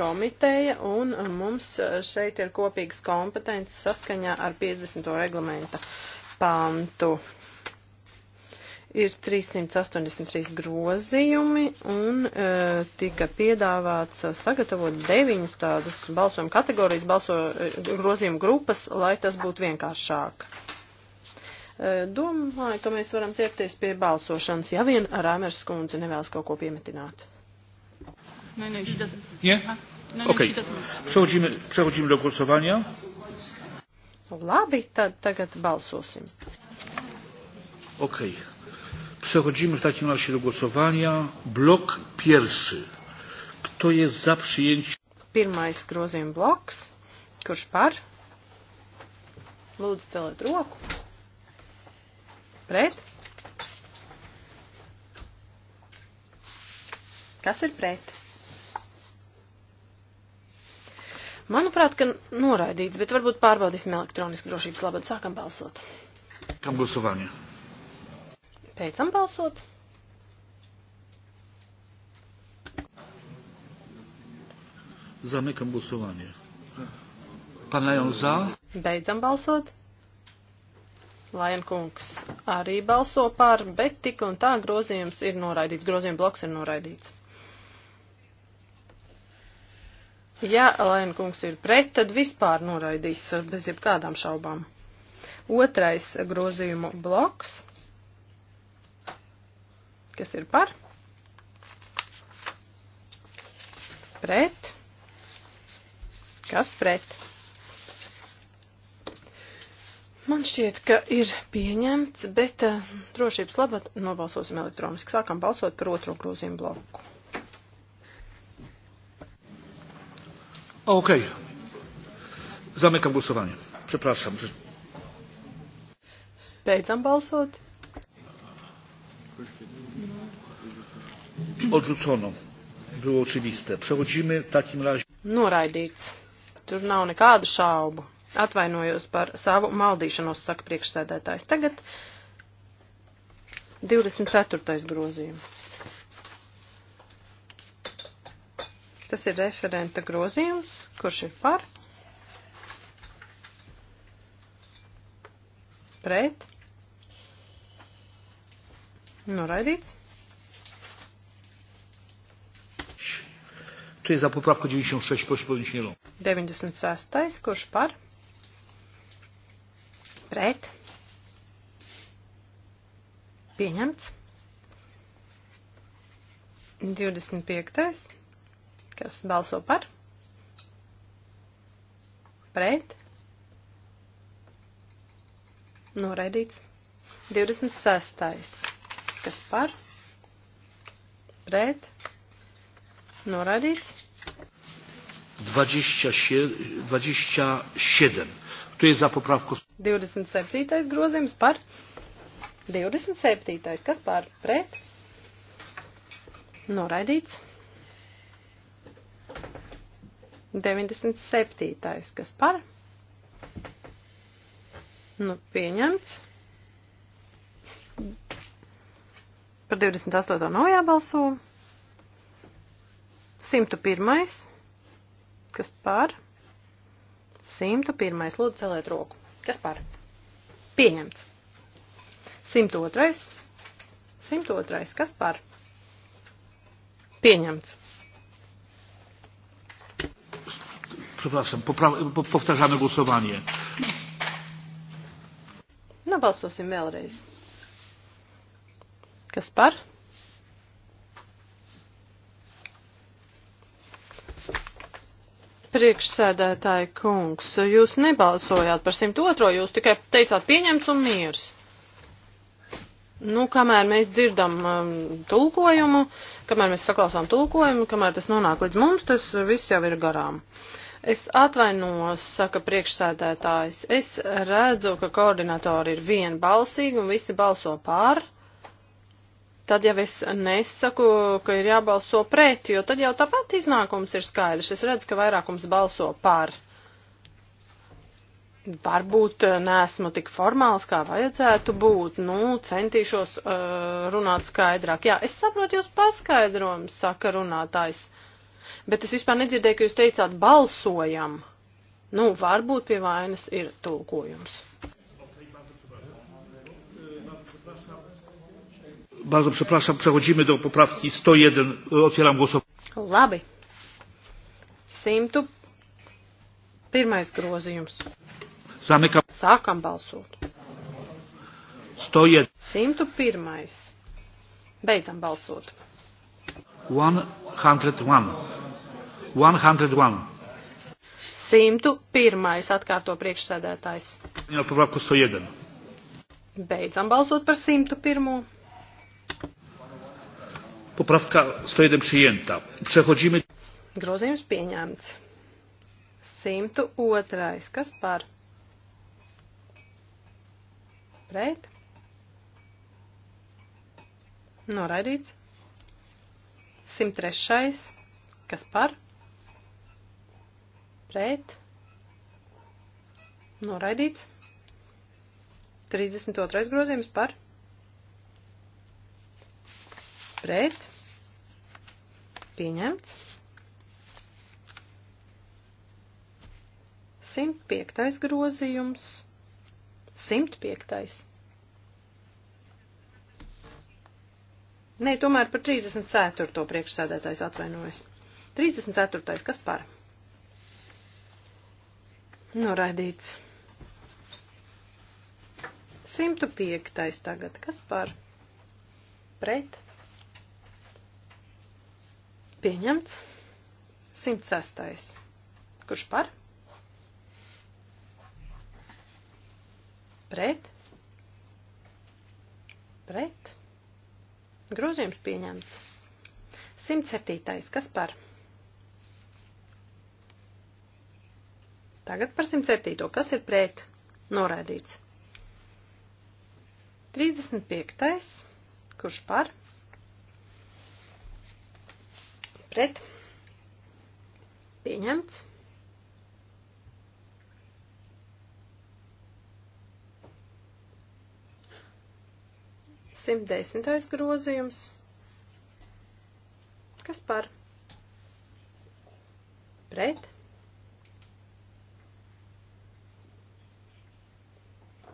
komiteja un mums eh, šeit ir kopīgas kompetences saskaņā ar 50. reglamenta pantu ir 383 grozījumi un e, tika piedāvāts sagatavot deviņas tādas balsojuma kategorijas, balso, e, grozījumu grupas, lai tas būtu vienkāršāk. E, domāju, ka mēs varam ķerties pie balsošanas, ja vien Rāmers kundze nevēlas kaut ko piemetināt. Nē, nē, šitas... yeah? nē, okay. šitas... Przechodzimy, przechodzimy do głosowania. Labi, tad tagad balsosim. Okay. Przechodzimy w takim razie do głosowania. Blok pierwszy. Kto jest za przyjęciem? Pirmais grozījuma bloks. Kurš par? Lūdzu, celiet roku. Pret? Kas ir pret? Manuprāt, ka noraidīts, bet varbūt pārbaudīsim elektronisku drošības labad. Sākam balsot. Kam balsovanie? Beidzam balsot. Zamykam głosowanie. Pan Lajon za. Beidzam balsot. Lajankungs arī balso par, bet tik un tā grozījums ir noraidīts. Grozījuma bloks ir noraidīts. Ja Lajankungs ir pret, tad vispār noraidīts bez jebkādām šaubām. Otrais grozījumu bloks. Kas ir par? Pret. Kas pret? Man šķiet, ka ir pieņemts, bet uh, drošības labad nobalsosim elektroniski. Sākam balsot par otro grozījumu bloku. Ok. Zamykam głosowanie. Przepraszam. Beidzam balsot. Odrzucono. Było oczywiste. Przechodzimy w takim razie. Noraidīts. Tur nav nekādu šaubu. Atvainojos par savu maldīšanos, saka priekšsēdētājs. Tagad 24. grozījums. Tas ir referenta grozījums, kurš ir par, pret, noraidīts. Kto jest za poprawką 96? Proszę podnieść rękę. 96. Kurš par? Pret. Pieņemts. 25. Kas balso par? Pret. Noraidīts. 26. Kas par? Pret Noraidīts. 27. Tu ir za poprawką. 27. grozījums par 27. kas par pret? Noraidīts. 97. kas par? Nu, pieņemts. Par 28. nav jābalso. 101. Kas par? 101. Lūdzu, celiet roku. Kas par? Pieņemts. 102. 102. Kas par? Pieņemts. Przepraszam, powtarzamy głosowanie. Nobalsosim vēlreiz. Kas par? Priekšsēdētāji kungs, jūs nebalsojāt par 102, jūs tikai teicāt pieņemts un miers. Nu, kamēr mēs dzirdam um, tulkojumu, kamēr mēs saklausām tulkojumu, kamēr tas nonāk līdz mums, tas viss jau ir garām. Es atvainos, saka priekšsēdētājs, es redzu, ka koordinatori ir vienbalsīgi un visi balso pār tad jau es nesaku, ka ir jābalso pret, jo tad jau tāpat iznākums ir skaidrs. Es redzu, ka vairākums balso par. Varbūt eh, neesmu tik formāls, kā vajadzētu būt. Nu, centīšos uh, runāt skaidrāk. Jā, es saprotu jūs paskaidrojumu, saka runātājs. Bet es vispār nedzirdēju, ka jūs teicāt balsojam. Nu, varbūt pie vainas ir tulkojums. Bardzo przepraszam, przechodzimy do poprawki 101. Otwieram głosowanie. Labi. 101. grozījums. Zamykam. Sākam balsot. 101. 101. Beidzam balsot. 101. 101. 101. atkārto priekšsēdētājs. Poprawku 101. Beidzam balsot par 101. Poprawka 101 przyjęta. Przechodzimy. Grozījums pieņemts. 102. Kas par? Pret? Noraidīts. 103. Kas par? Pret? Noraidīts. 32. grozījums par? pret, pieņemts. 105. grozījums, 105. Nē, tomēr par 34. priekšsēdētājs atvainojas. 34. kas par? Noraidīts. 105. tagad, kas par? Pret? Pieņemts. 106. Kurš par? Pret. Pret. Grozījums pieņemts. 107. Kas par? Tagad par 107. Kas ir pret? Noraidīts. 35. Kurš par? pret pieņemts. Simt desmitais grozījums. Kas par? Pret?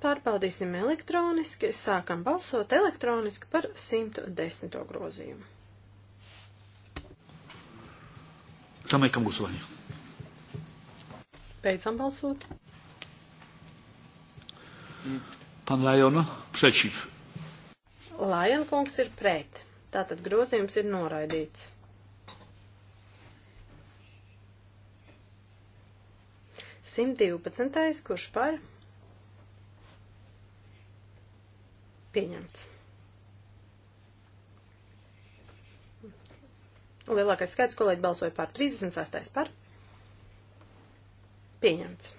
Pārbaudīsim elektroniski, sākam balsot elektroniski par 110. grozījumu. Zamykam głosowanie. Beidzam balsot. Pan Lajona przeciw. Lajonkungs ir pret. Tātad grozījums ir noraidīts. Simt divpadsmitais, kurš par? Pieņemts. Lielākais skaits kolēģi balsoja par 36. par. Pieņemts.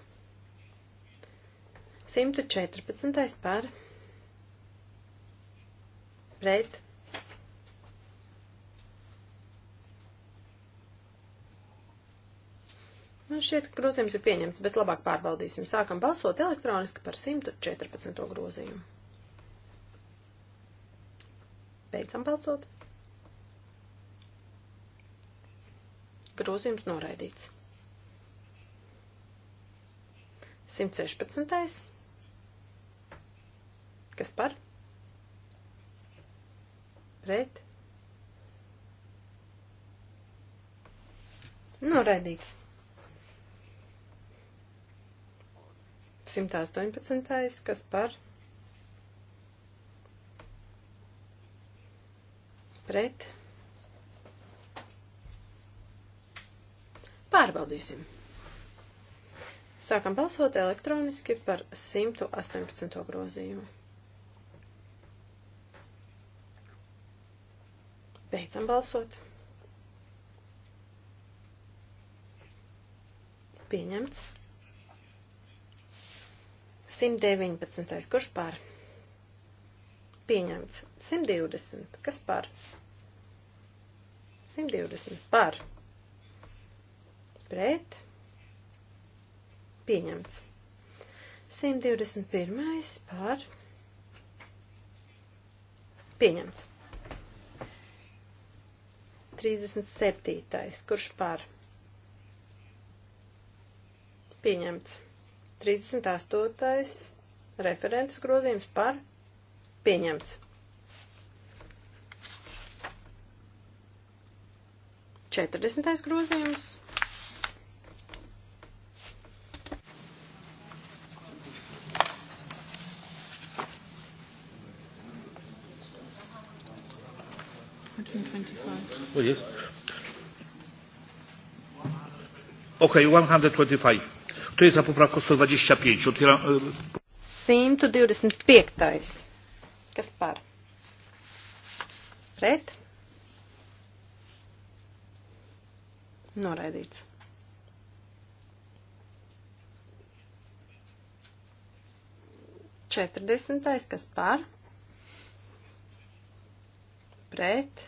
114. par. Pret. Nu, šķiet, ka grozījums ir pieņemts, bet labāk pārbaudīsim. Sākam balsot elektroniski par 114. grozījumu. Beidzam balsot. Grozījums noraidīts. 116. Kas par? Pret. Noraidīts. 118. Kas par? Pret. Pārbaudīsim. Sākam balsot elektroniski par 118. grozījumu. Beidzam balsot. Pieņemts. 119. Kurš pār? Pieņemts. 120. Kas pār? 120. Pār pret, pieņemts. 121. par, pieņemts. 37. kurš par, pieņemts. 38. referentes grozījums par, pieņemts. 40. grozījums Oh, yes. Okay, 125. Kto jest za poprawką 125? Otwieram. 125. E, kas par? Pret? Noraidīts. Četrdesmitais, kas par? Pret?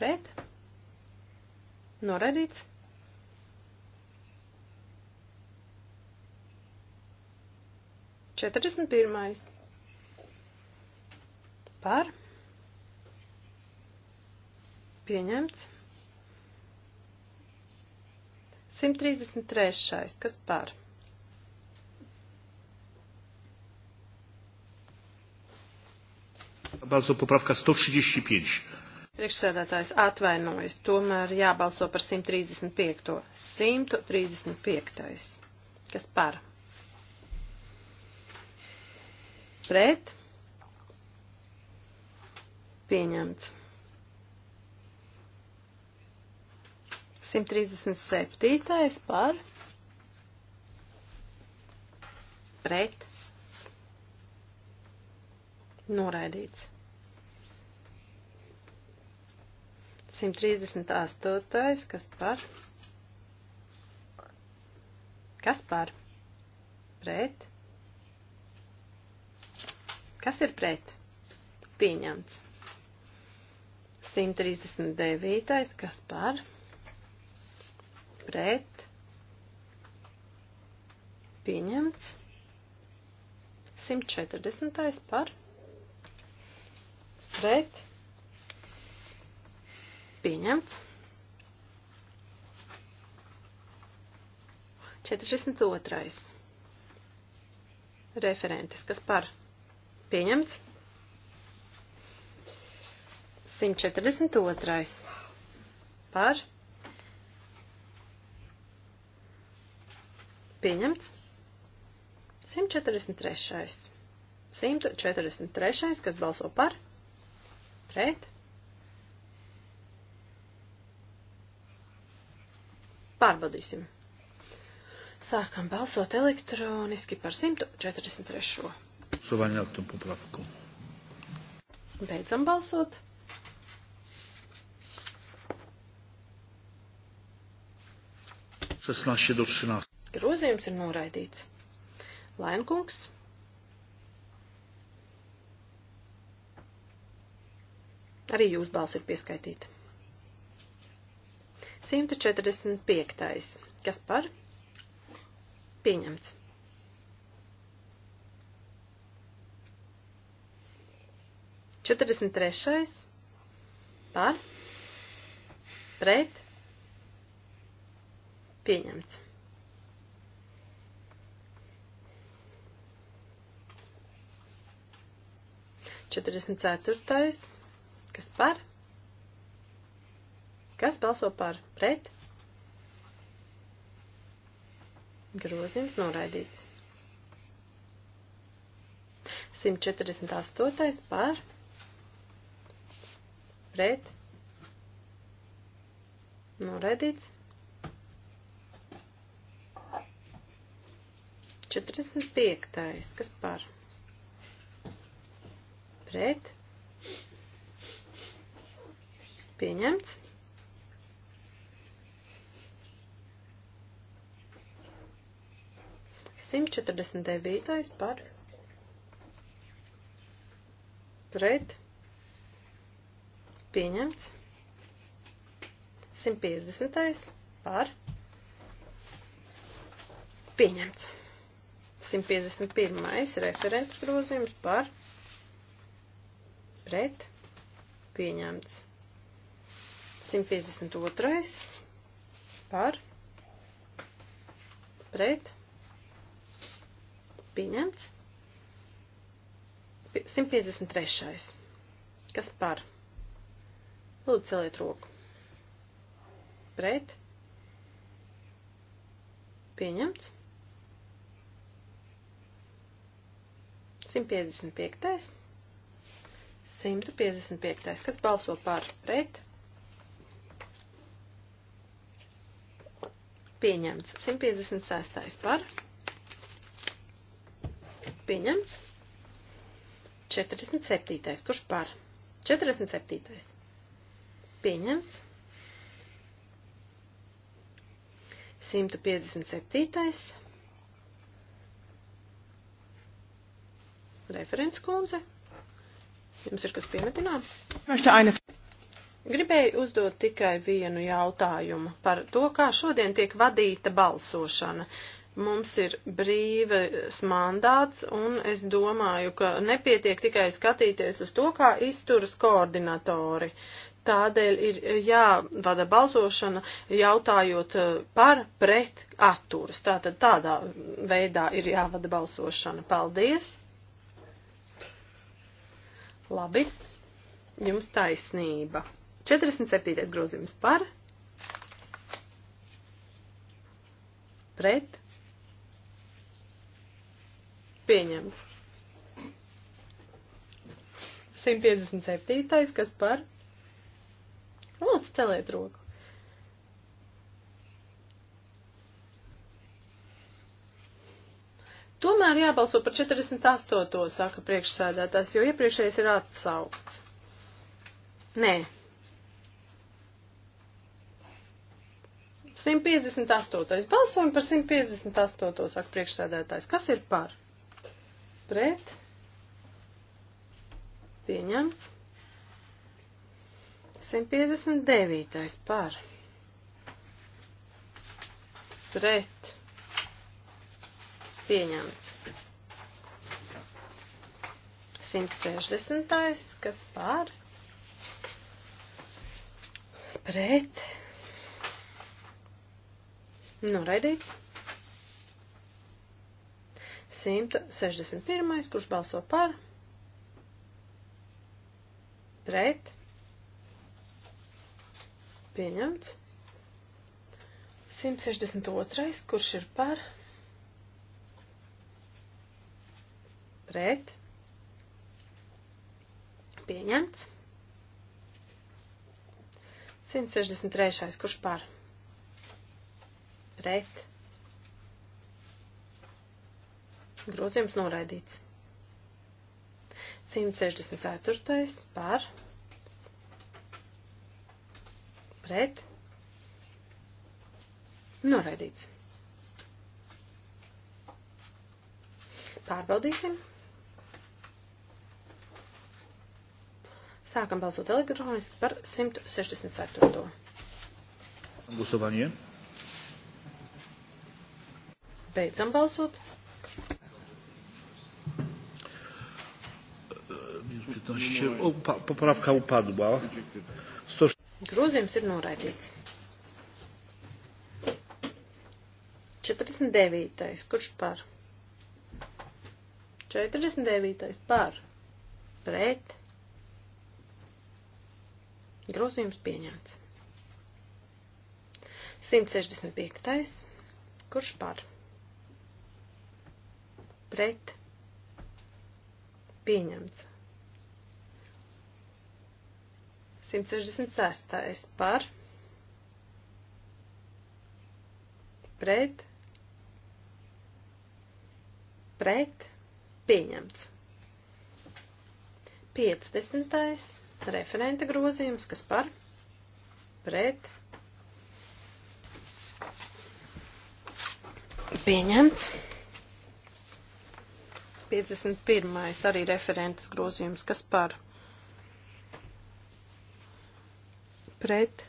pret, noraidīts. Četrdesmit pirmais par pieņemts. 133. Kas par? Bardzo poprawka 135. Priekšsēdētājs atvainojas, tomēr jābalso par 135. 135. Kas par? Pret? Pieņemts. 137. par? Pret? Noraidīts. 138. kas par? Kas par? Pret? Kas ir pret? Pieņemts. 139. kas par? Pret? Pieņemts. 140. par? Pret? Pieņemts. 42. Referentes, kas par pieņemts. 142. Par pieņemts. 143. 143. kas balso par pret Pārbaudīsim. Sākam balsot elektroniski par 143. Suvaņeltu popravku. Beidzam balsot. Grozījums ir noraidīts. Lainkungs. Arī jūsu balss ir pieskaitīta. 145. Kas par? Pieņemts. Četrdesmit trešais par, pret, pieņemts. Četrdesmit ceturtais, kas par, Kas balso par pret? Grozījums noraidīts. 148. par pret noraidīts 45. kas par pret pieņemts 149. par pret pieņemts. 150. par pieņemts. 151. referents grozījums par pret pieņemts. 152. par pret pieņemts Pieņemts. 153. Kas par? Lūdzu, celiet roku. Pret. Pieņemts. 155. 155. Kas balso par pret? Pieņemts. 156. par pret pieņemts. 47. Kurš par? 47. Pieņemts. 157. Referents kundze. Jums ir kas piemetināms? Gribēju uzdot tikai vienu jautājumu par to, kā šodien tiek vadīta balsošana. Uh, Mums ir brīvas mandāts, un es domāju, ka nepietiek tikai skatīties uz to, kā izturas koordinatori. Tādēļ ir jāvada balsošana jautājot eh, par pret atturas. Tātad tādā veidā ir jāvada balsošana. Paldies! Labi, jums taisnība. 47. grozījums par pret pieņemts. 157. kas par? Lūdzu, celiet roku. Tomēr jābalso par 48. saka priekšsēdētājs, jo iepriekšējais ir atsaukts. Nē. 158. Balsojam par 158. saka priekšsēdētājs. Kas ir par? pret, pieņemts. 159. par, pret, pieņemts. 160. kas par, pret, noraidīts. 161. Kurš balso par? Pret. Pieņemts. 162. Kurš ir par? Pret. Pieņemts. 163. Kurš par? Pret grozījums noraidīts. 164. par pret noraidīts. Pārbaudīsim. Sākam balsot elektroniski par 164. Głosowanie. Beidzam balsot. 15. O, poprawka upadła. 100... Grūzījums ir noraidīts. 49. Kurš par? 49. par. Pret. Grozījums pieņemts. 165. Kurš par? Pret. Pieņemts. 166. par pret pret pieņemts. 50. referenta grozījums, kas par pret pieņemts. 51. arī referentas grozījums, kas par pret pret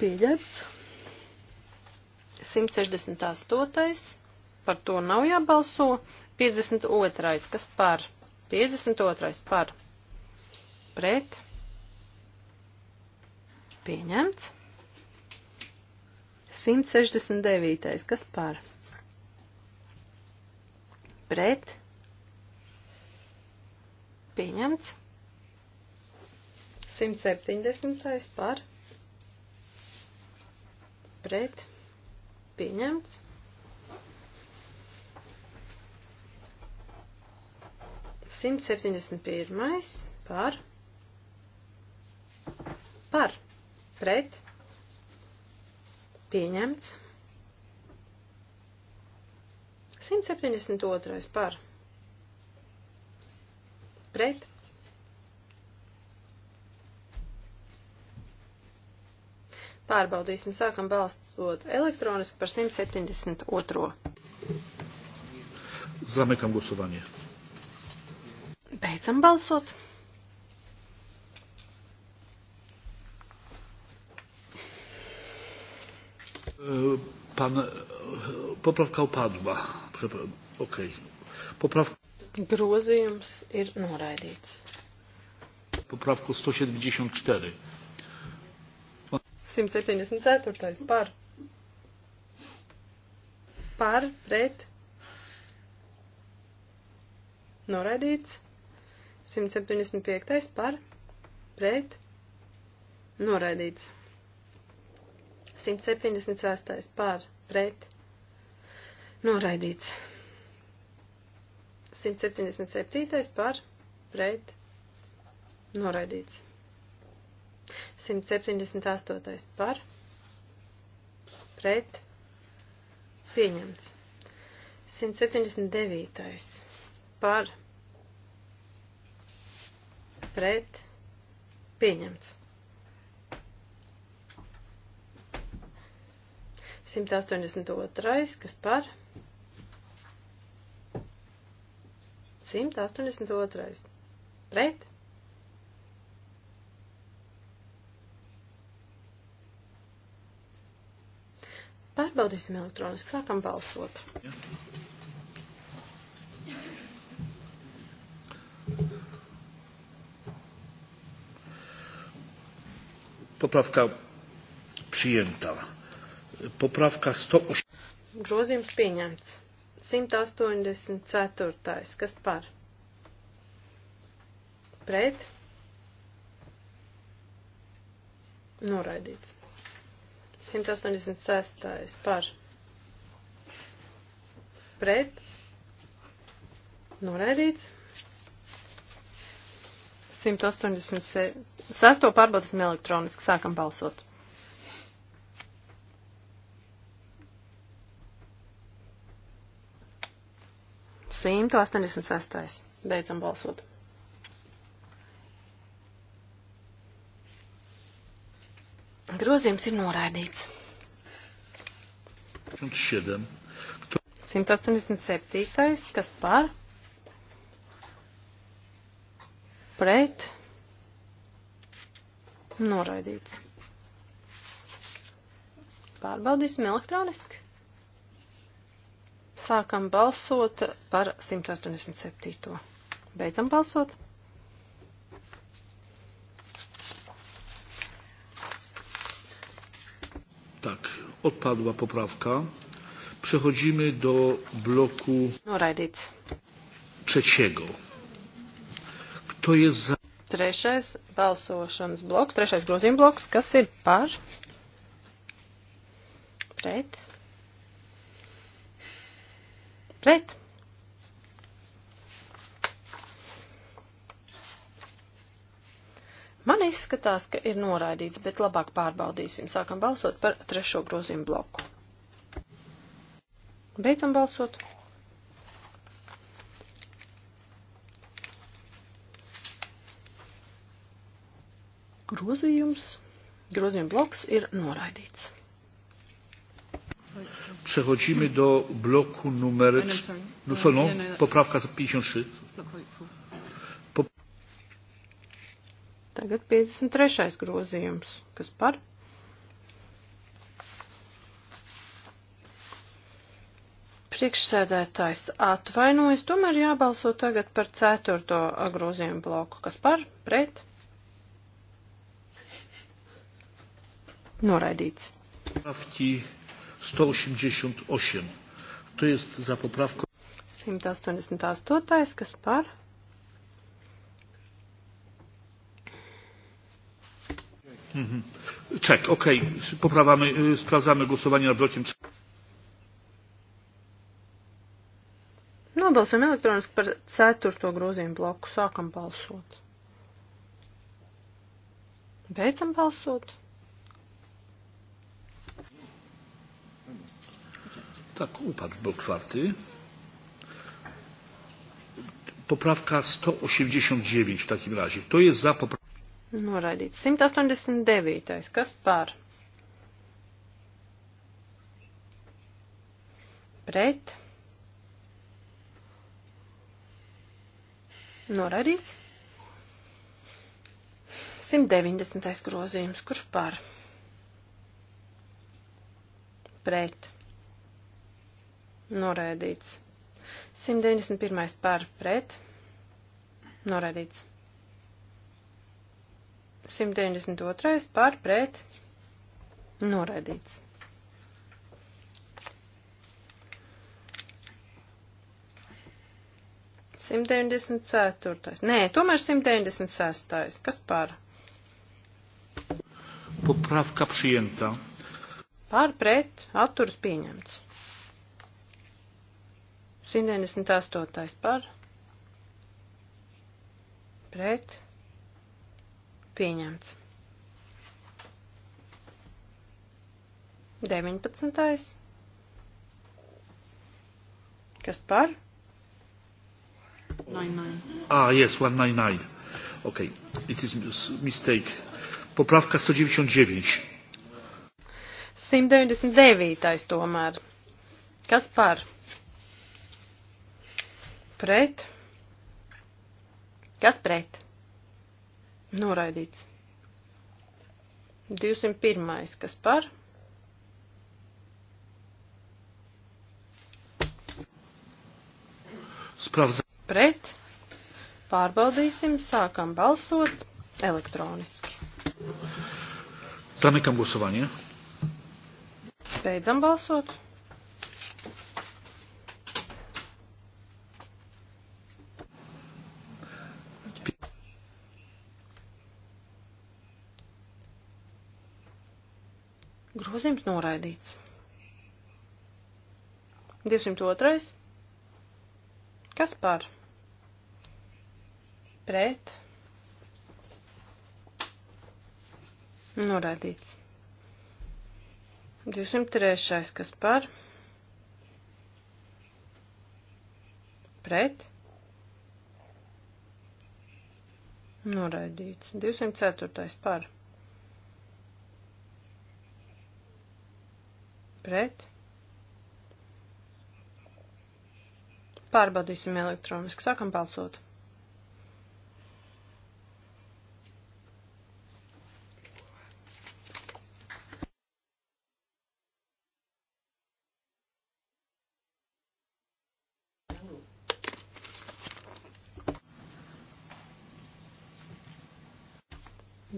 pieļauts. 168. Par to nav jābalso. 52. Kas par? 52. Par. Pret. Pieņemts. 169. Kas par? Pret. Pieņemts. 170. par pret pieņemts. Simt septiņdesmit pirmais par par pret pieņemts. 172 par pret Pārbaudīsim, sākam balstot elektroniski par 172. Zamekam gusovanie. Beidzam balsot. E, pan, e, poprawka upadła. Okej. Okay. Poprawka. Grozījums ir noraidīts. Poprawka 174. 174. par. Par, pret. Noraidīts. 175. par. Pret. Noraidīts. 176. par. Pret. Noraidīts. 177. par. Pret. Noraidīts. 178. par, pret, pieņemts. 179. par, pret, pieņemts. 182. kas par, 182. pret, Pārbaudīsim elektroniski. Sākam balsot. Poprawka przyjęta. Poprawka 108. Grozījums pieņemts. 184. Kas par? Pret? Noraidīts. 186. par pret noraidīts. 186. pārbaudīsim elektroniski. Sākam balsot. Simtu astoņdesmit sestais. Beidzam balsot. Grozījums ir noraidīts. 187. Kas par? Pret. Noraidīts. Pārbaudīsim elektroniski. Sākam balsot par 187. Beidzam balsot. Odpadła poprawka. Przechodzimy do bloku Noraidīts. trzeciego. Kto jest za? Trešais balsošanas bloks, trešais grozījuma bloks, kas ir par? Pret? Pret? Man izskatās, ka ir noraidīts, bet labāk pārbaudīsim. Sākam balsot par trešo grozījumu bloku. Beidzam balsot. Grozījums, grozījuma bloks ir noraidīts. Przechodzimy do bloku numer... No, no, no, poprawka 53. Blok Tagad 53. grozījums. Kas par? Priekšsēdētājs atvainojas, tomēr jābalso tagad par ceturto grozījumu bloku. Kas par? Pret? Noraidīts. 188. Tu esi za popravku. 188. Kas par? Mhm. Czek, okej. Okay. Poprawamy, sprawdzamy głosowanie nad blokiem. Nobalsojam nu, elektroniski par ceturto grozījumu bloku. Sākam balsot. Beidzam balsot. Tak, upadł blok czwarty. Poprawka 189 w takim razie. Kto jest za poprawką? Noraidīts. 189. Kas par? Pret. Noraidīts. 190. grozījums. Kurš par? Pret. Noraidīts. 191. par pret. Noraidīts. 192. par pret noraidīts. Simt deviņdesmit ceturtais. Nē, tomēr simt deviņdesmit sestais. Kas par? Popravka pieņemta. Par pret atturs pieņemts. 198. par pret Pieņemts. 19. Kas par? 99. Ah, yes, 199. Okay, it is mistake. Poprawka 199. 199. tomēr. Kas par? Pret? Kas pret? Noraidīts. 201. Kas par? Spravza. Pret. Pārbaudīsim. Sākam balsot elektroniski. Zamekam gusovanie. Beidzam balsot. Grozījums noraidīts. 202. Kas par? Pret. Noraidīts. 203. Kas par? Pret. Noraidīts. 204. par. pret. Pārbaudīsim elektroniski. Sākam balsot.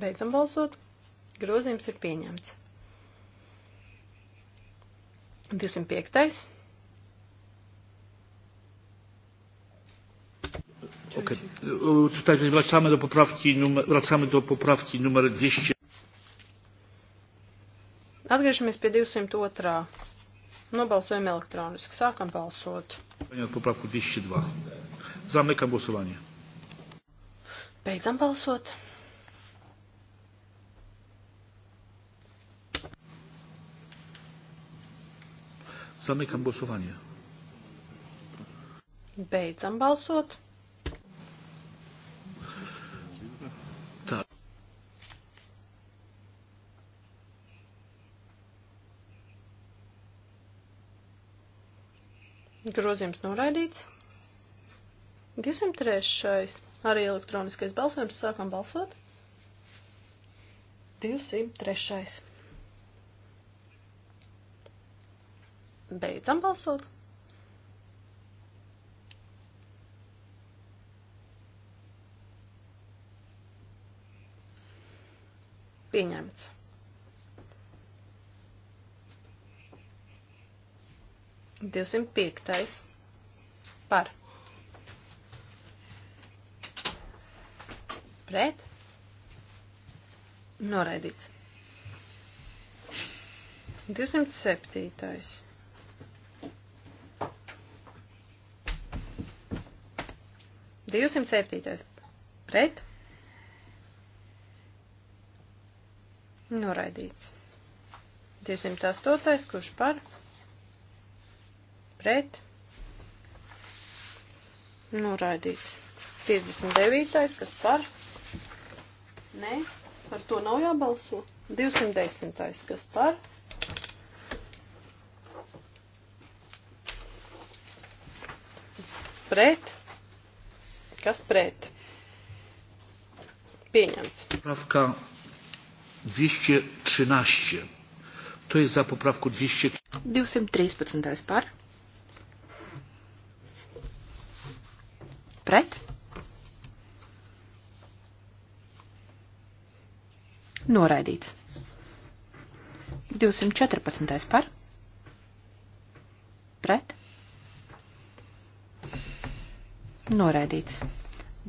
Beidzam balsot. Grozījums ir pieņemts. 205. Okay. Tutaj wracamy do poprawki numer, wracamy do poprawki numer 200. Atgriežamies pie 202. Nobalsojam elektroniski. Sākam balsot. Pieņemt poprawku 202. Zamykam głosowanie. Beidzam balsot. Zamykam głosowanie. Beidzam balsot. Tā. Grozījums noraidīts. 203. Arī elektroniskais balsojums. Sākam balsot. 203. Beidzam balsot. Pieņemts. Divsimt piektais par. Pret. Noraidīts. 207. 207. pret. Noraidīts. 208. kurš par. Pret. Noraidīts. 59. kas par. Nē, par to nav jābalso. 210. kas par. Pret Kas pret? Pieņemts. Poprawka 213. To jest za poprawką 200... 213 par. Pret. Noraidīts. 214 par. Pret. Noraidīts.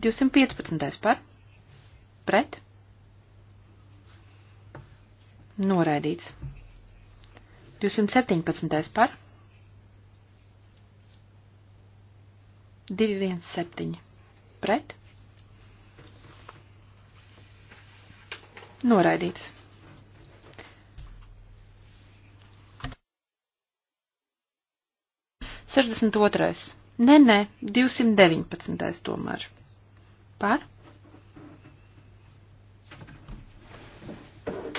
215. par. Pret. Noraidīts. 217. par. 217. Pret. Noraidīts. Sešdesmit otrais. Nē, nē, 219. tomēr. Par?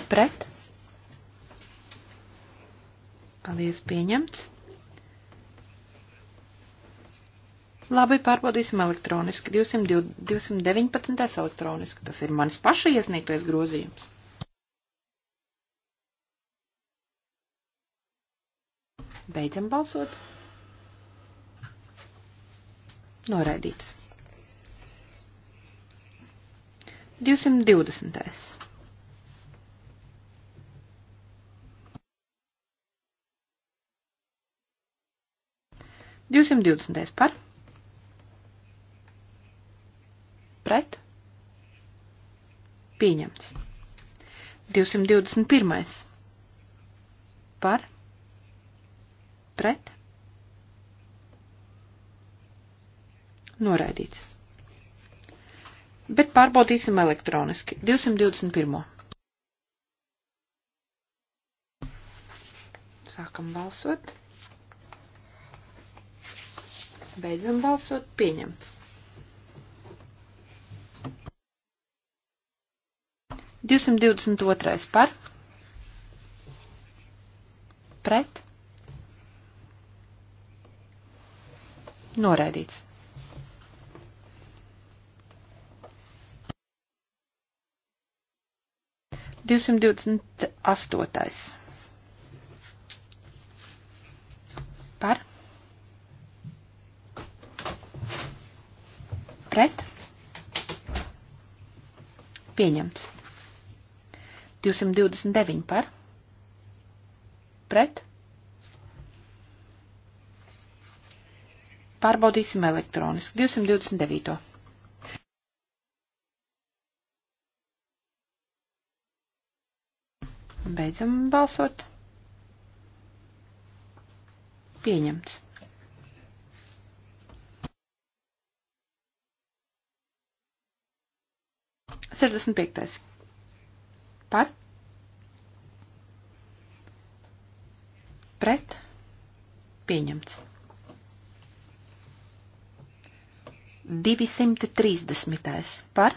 Pret? Paldies, pieņemts. Labi, pārbaudīsim elektroniski. 200, 219. elektroniski. Tas ir manis paša iesniegtais grozījums. Beidzam balsot. Noraidīts. 220. Divsimt divdesmitais par, pret, pieņemts. 221. par, pret, Noraidīts. Bet pārbaudīsim elektroniski. 221. Sākam balsot. Beidzam balsot. Pieņemts. 222 par, pret, noraidīts. 228. Par. Pret. Pieņemts. 229 par. Pret. Pārbaudīsim elektroniski. 229. Beidzam balsot. Pieņemts. Sešdesmit piektais. Par. Pret. Pieņemts. 230. par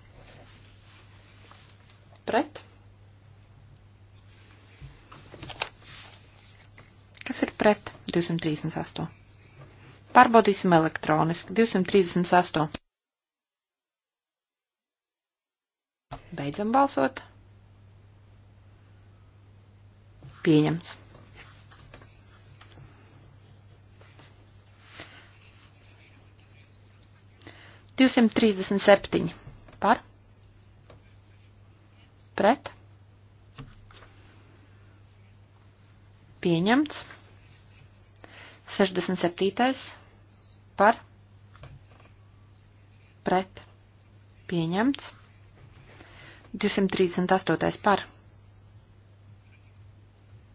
pret? Kas ir pret 238? Pārbaudīsim elektroniski. 238. Beidzam balsot. Pieņemts. Divsimt trīsdesmit septiņi par pret, pieņemts, 67. par, pret, pieņemts, 238. par,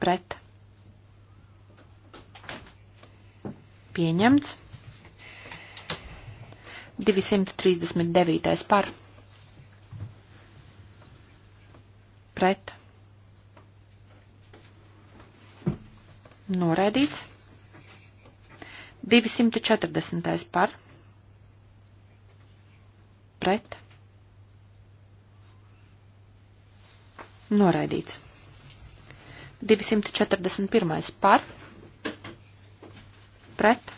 pret, pieņemts, 239. par, pret, pret noraidīts. 240. par pret noraidīts. 241. par pret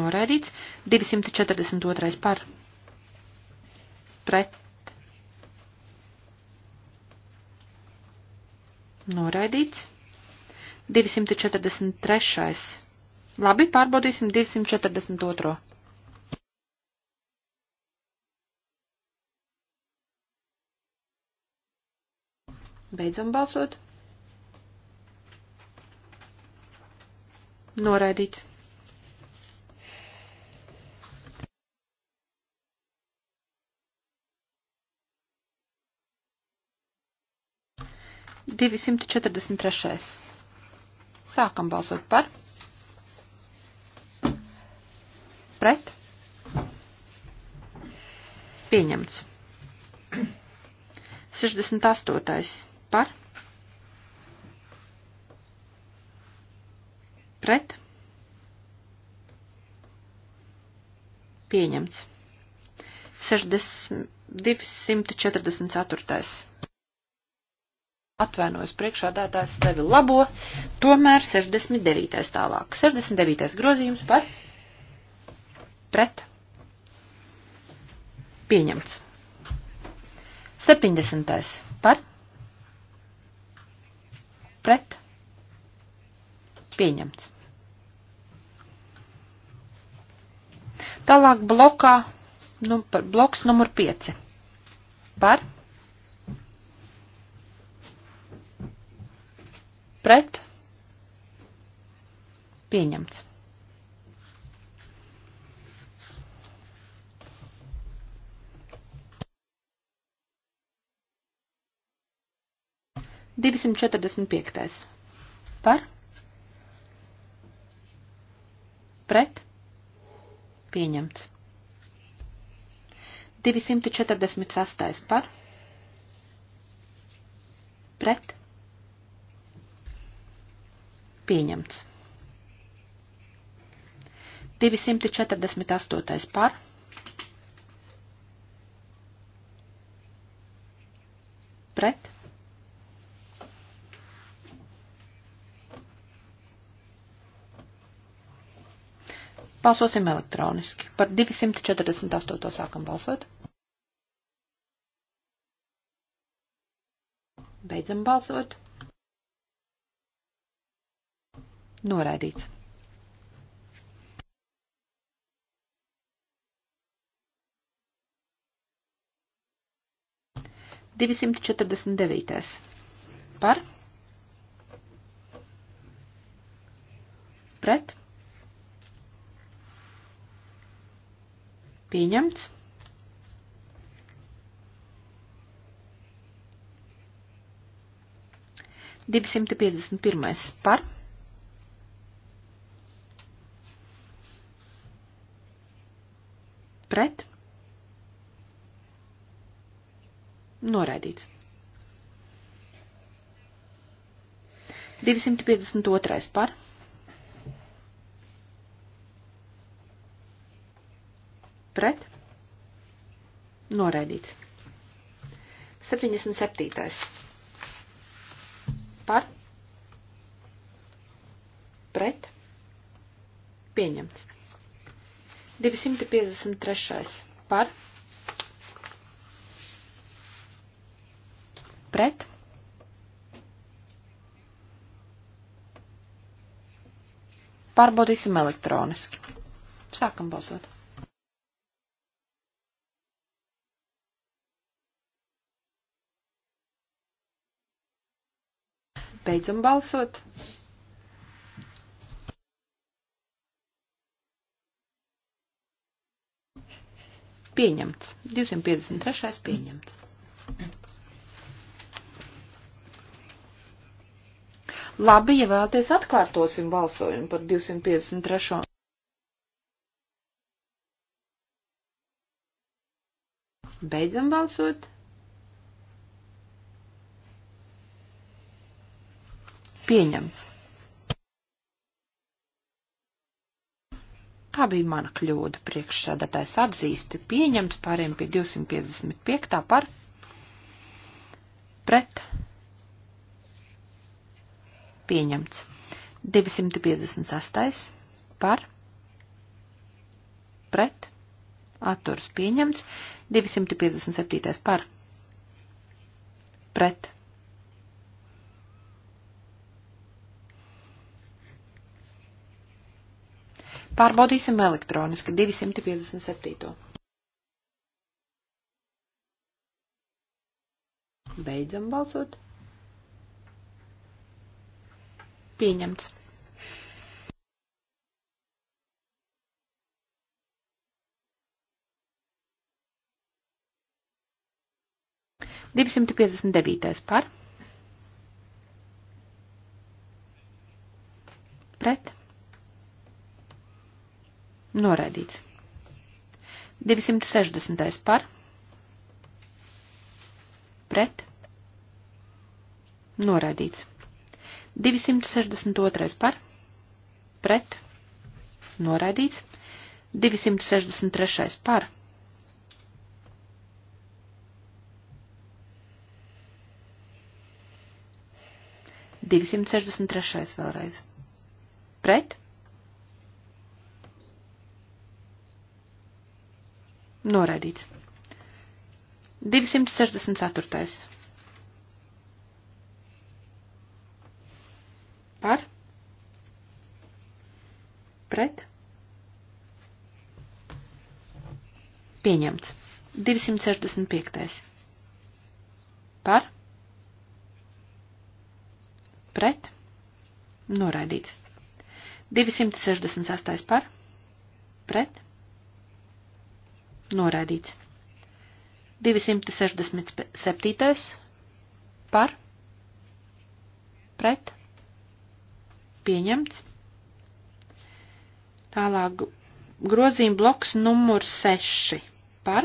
noraidīts. 242. par pret Noraidīts. 243. Labi, pārbaudīsim 242. Beidzam balsot. Noraidīts. 243. Sākam balsot par. Pret. Pieņemts. 68. Par. Pret. Pieņemts. 60, 244. Atvainojos priekšādātājs sevi labo, tomēr 69. tālāk. 69. grozījums par pret pieņemts. 70. par pret pieņemts. Tālāk blokā, nu, par bloks numur 5. Par pret pret pieņemts. Divsimt četrdesmit piektais. Par? Pret? Pieņemts. 246. par? Pret? Pieņemts. 248. par. Pret. Balsosim elektroniski. Par 248. sākam balsot. Beidzam balsot. Noraidīts. Divsimt četrdesmit devītais. Par? Pret? Pieņemts. Divsimti piecdesmit pirmais. Par? pret. Noraidīts. 252 par. Pret. Noraidīts. 77. Par. Pret. Pieņemts. 253. par pret Pārbaudīsim elektroniski. Sākam balsot. Beidzam balsot. Pieņemts. 253. pieņemts. Labi, ja vēlaties atkārtosim balsojumu par 253. Beidzam balsot. Pieņemts. Tā bija mana kļūda priekšsēdētājs atzīsti pieņemts pāriem pie 255. par pret pieņemts. 258. par pret atturs pieņemts. 257. par pret Pārbaudīsim elektroniski 257. Beidzam balsot. Pieņemts. Divsimt piecdesmit devītais par. Pret. Noraidīts. 260. par. Pret. Noraidīts. 262. par. Pret. Noraidīts. 263. par. Divsimt sešdesmit trešais vēlreiz. Pret? Noraidīts. 264. Par. Pret. Pieņemts. 265. Par. Pret. Noraidīts. 268 par. Pret. Noraidīts. 267. par, pret, pieņemts. Tālāk grozījuma bloks numur 6 par.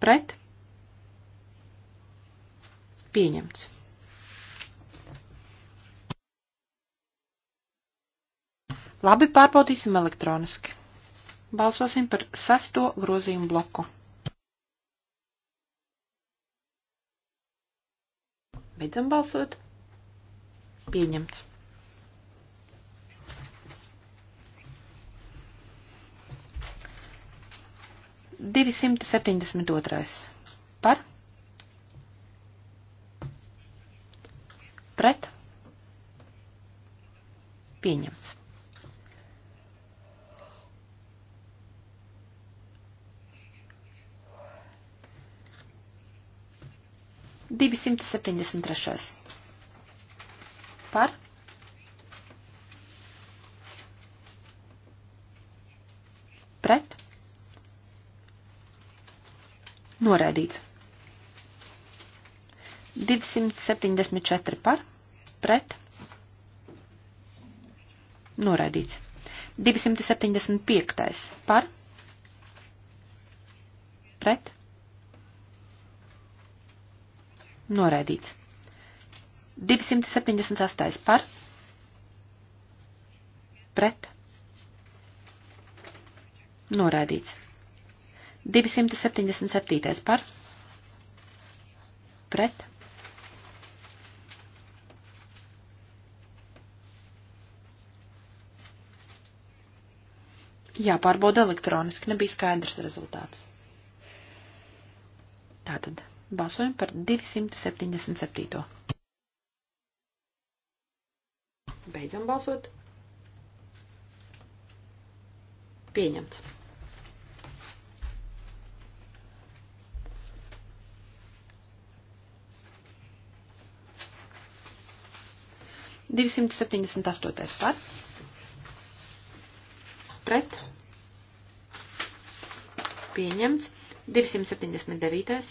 Pret. Pieņemts. Labi, pārbaudīsim elektroniski. Balsosim par sesto grozījumu bloku. Beidzam balsot. Pieņemts. Divisimta septiņdesmit otrais. Par? Pret? Pieņemts. 173. Par? Pret? Noraidīts. 274 par? Pret? Noraidīts. 275 par? Pret? Noraidīts. 278 par. Pret. Noraidīts. 277 par. Pret. Jāpārbauda elektroniski, nebija skaidrs rezultāts. Balsojam par 277. Beidzam balsot. Pieņemts. Divsimt septiņdesmit astotais par. Pret. Pieņemts. Divsimt septiņdesmit devītais.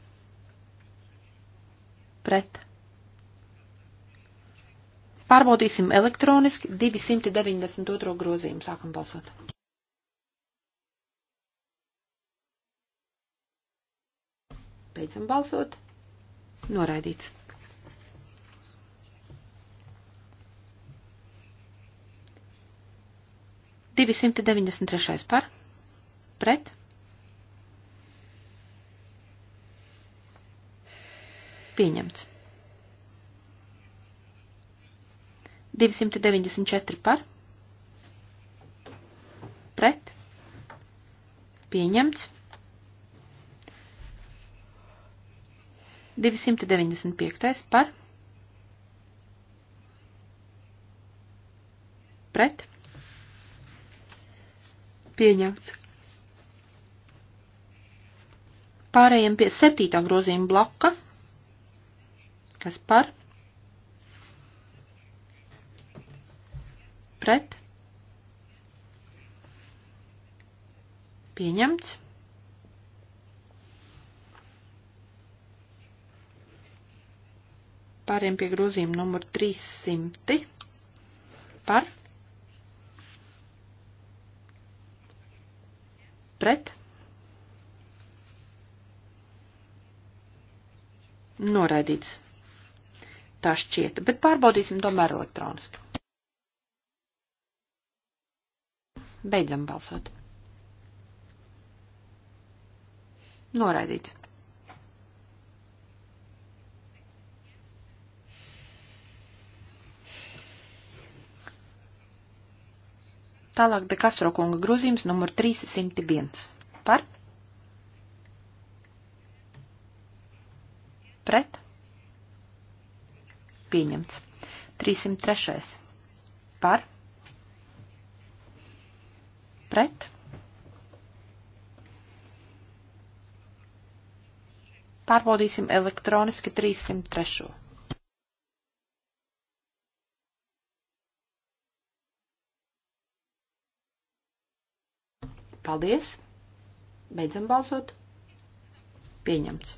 pret. Pārbaudīsim elektroniski 292. grozījumu. Sākam balsot. Beidzam balsot. Noraidīts. Divi simti deviņdesmit trešais par, pret, Pieņemts. 294 par. Pret. Pieņemts. 295 par. Pret. Pieņemts. Pārējiem pie septītā grozījuma bloka Kas par? Pret? Pieņemts. Pāriem pie grozījuma numur 300. Par? Pret? Noraidīts tā šķieta, bet pārbaudīsim tomēr elektroniski. Beidzam balsot. Noraidīts. Tālāk de Castro kunga grozījums numur 301. Par? Pret? Pieņemts. 303. Par. Pret. Pārbaudīsim elektroniski 303. Paldies! Beidzam balsot. Pieņemts.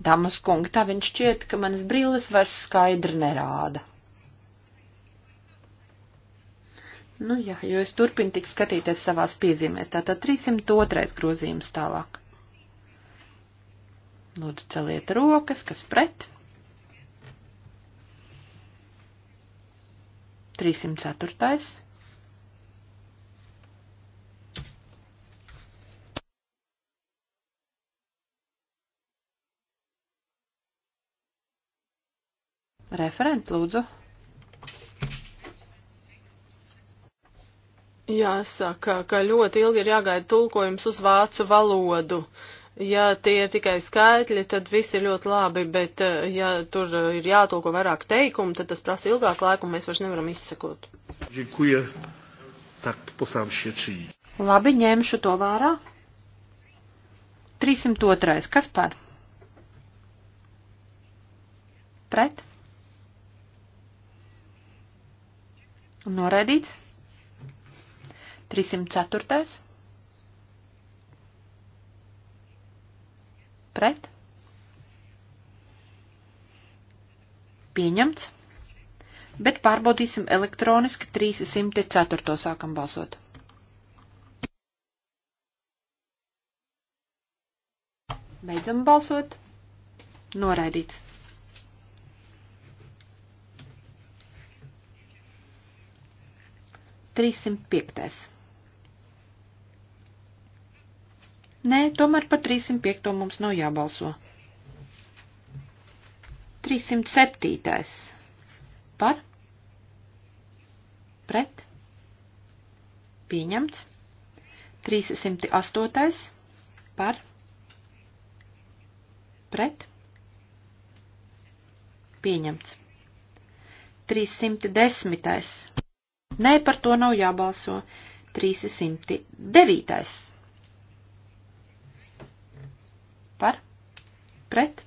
Damas kungi, tā viņš šķiet, ka manas brīles vairs skaidri nerāda. Nu jā, jo es turpinu tik skatīties savās piezīmēs. Tātad 302. grozījums tālāk. Lūdzu, celiet rokas, kas pret. 304. Referent, lūdzu. Jāsaka, ka ļoti ilgi ir jāgaida tulkojums uz vācu valodu. Ja tie ir tikai skaitļi, tad viss ir ļoti labi, bet eh, ja tur ir jātulko vairāk teikumu, tad tas prasa ilgāk laiku un mēs vairs nevaram izsekot. Dziękuję. Tak posām šie čī. Labi, ņemšu to vērā. 302. Kas par? Pret? Noraidīts. 304. Pret. Pieņemts. Bet pārbaudīsim elektroniski 304. sākam balsot. Beidzam balsot. Noraidīts. 305. Nē, tomēr par 305 mums nav jābalso. 307. Par? Pret? Pieņemts. 308. Par? Pret? Pieņemts. 310. Nē, par to nav jābalso. 309. Par? Pret?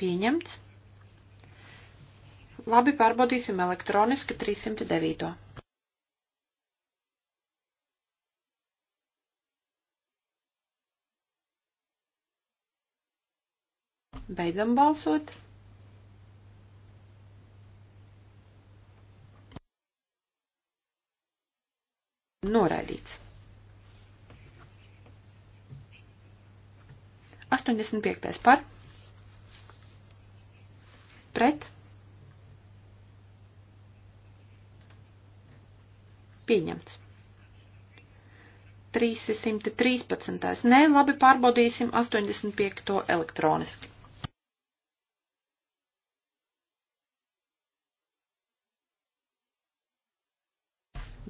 Pieņemts. Labi, pārbaudīsim elektroniski 309. Beidzam balsot. Noraidīts. 85. par. Pret. Pieņemts. 313. Nē, labi, pārbaudīsim 85. elektroniski.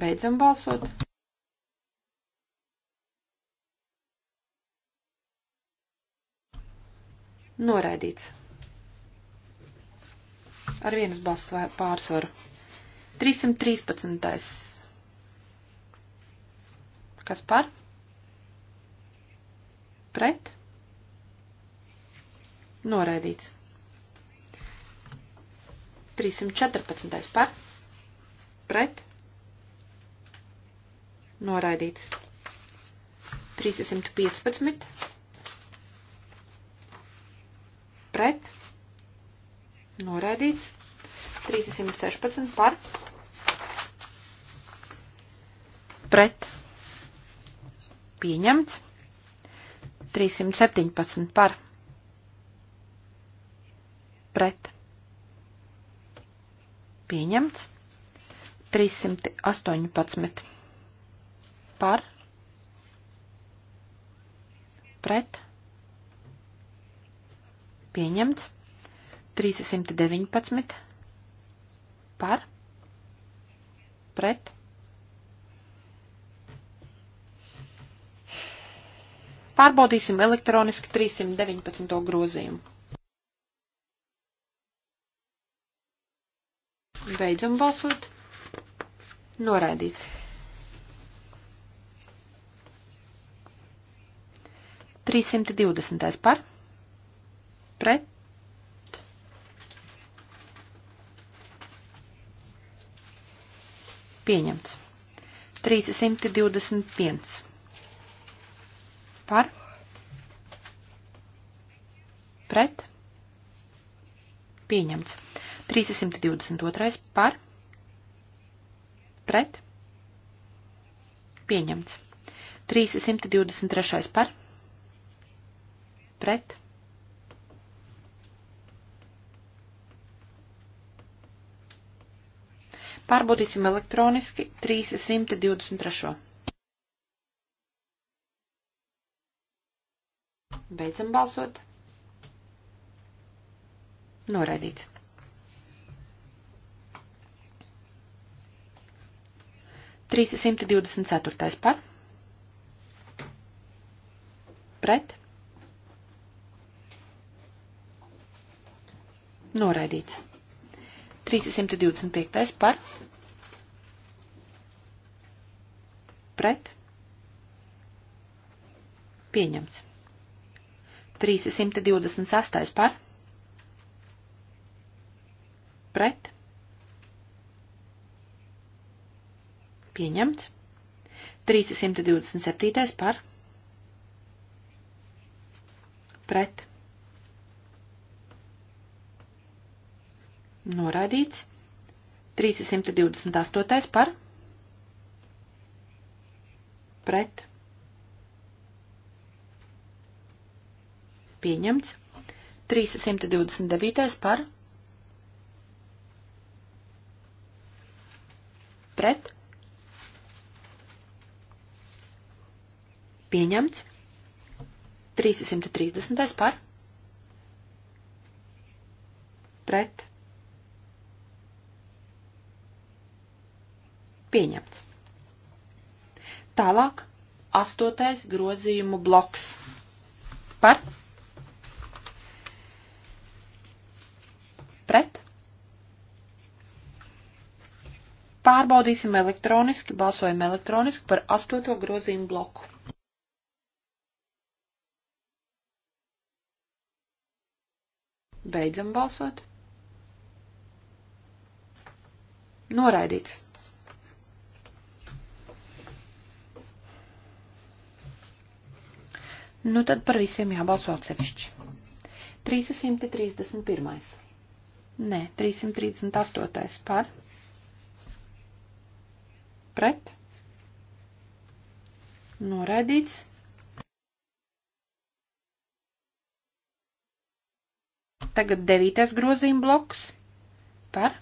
Beidzam balsot. Noraidīts. Ar vienas balss pārsvaru. 313. Kas par? Pret? Noraidīts. 314. par? Pret? noraidīts. 315 pret noraidīts. 316 par pret pieņemts. 317 par pret pieņemts. 318 par, pret, pieņemts, 319 par, pret, pārbaudīsim elektroniski 319. grozījumu. Beidzam balsot. Noraidīts. 320. par pret pieņemts. 325 par pret pieņemts. 322 par pret pieņemts. 323 par pret. Pārbaudīsim elektroniski 323. Beidzam balsot. Noraidīts. Trīssimti divdesmit ceturtais par. Pret. Noraidīts. 325. par. Pret. Pieņemts. 328. par. Pret. Pieņemts. 327. par. Pret. noraidīts. 328. par pret pieņemts. 329. par pret pieņemts. 330. par pret Pieņemts. Tālāk astotais grozījumu bloks. Par? Pret? Pārbaudīsim elektroniski, balsojam elektroniski par astoto grozījumu bloku. Beidzam balsot. Noraidīts. Nu tad par visiem jābalso atsevišķi. 331. Nē, 338. par. Pret. Noraidīts. Tagad devītais grozījuma bloks. Par.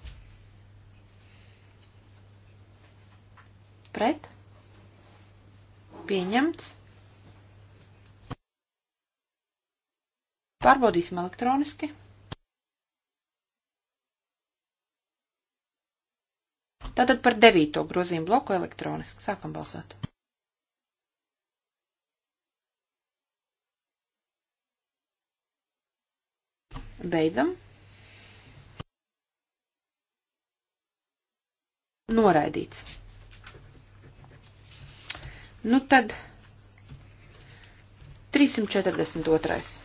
Pret. Pieņemts. Pārbaudīsim elektroniski. Tātad par devīto grozījumu bloku elektroniski. Sākam balsot. Beidzam. Noraidīts. Nu tad 342.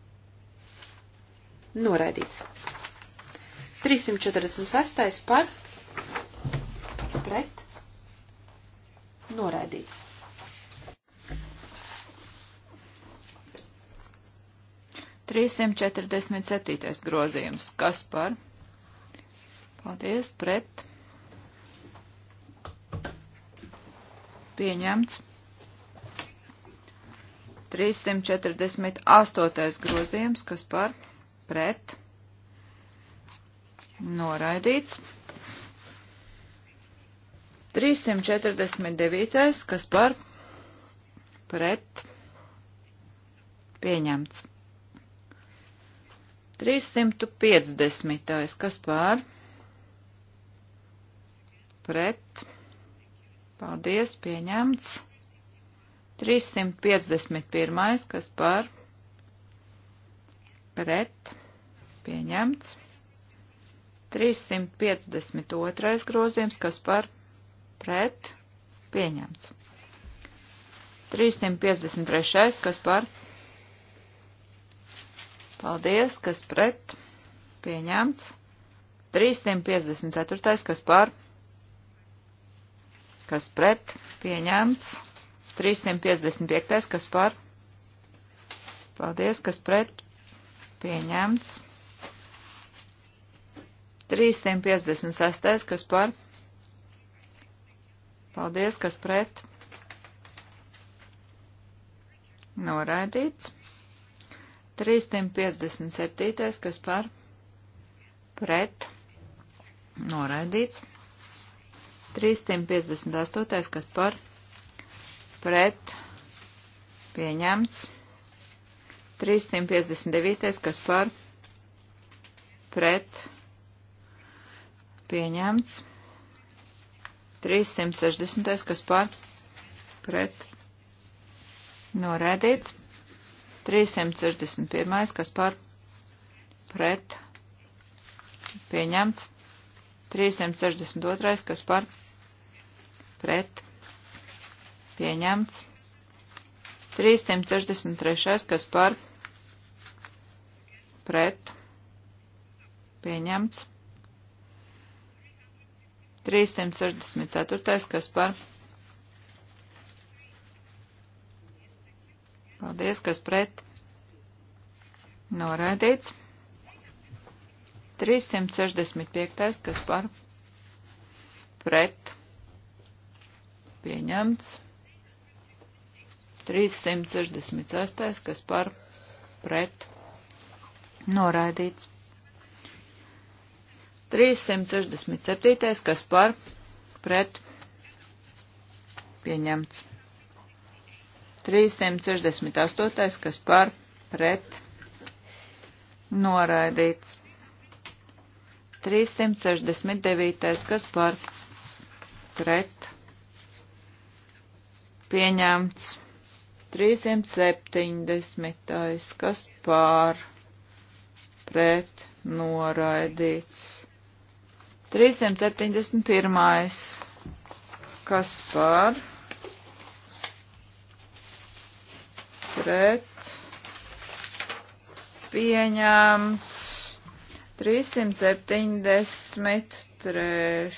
Noraidīts. 346. par pret noraidīts. Trīsimt četrdesmit septītais grozījums. Kas par? Paldies, pret. Pieņemts. 348. grozījums. Kas par? pret noraidīts. 349. kas par pret pieņemts. 350. kas par pret paldies pieņemts. 351. kas par pret pieņemts. 352. grozījums, kas par pret pieņemts. 353. kas par paldies, kas pret pieņemts. 354. kas par kas pret pieņemts. 355. kas par paldies, kas pret pieņemts. 356. kas par? Paldies, kas pret? Noraidīts. 357. kas par? Pret. Noraidīts. 358. kas par? Pret. Pieņemts. 359. kas par? Pret pieņemts. 360. kas par pret norēdīts. 361. kas par pret pieņemts. 362. kas par pret pieņemts. 363. kas par pret pieņemts. 364. kas par. Paldies, kas pret. Noraidīts. 365. kas par. Pret. Pieņemts. 366. kas par. Pret. Noraidīts. 367. kas par pret pieņemts. 368. kas par pret noraidīts. 369. kas par pret pieņemts. 370. kas par pret noraidīts. 371. Kas par? Pret. Pieņemts. 373.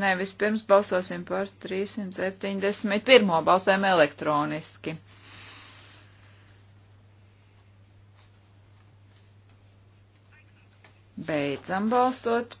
Nē, vispirms balsosim par 371. Balsojam elektroniski. Beidzam balsot.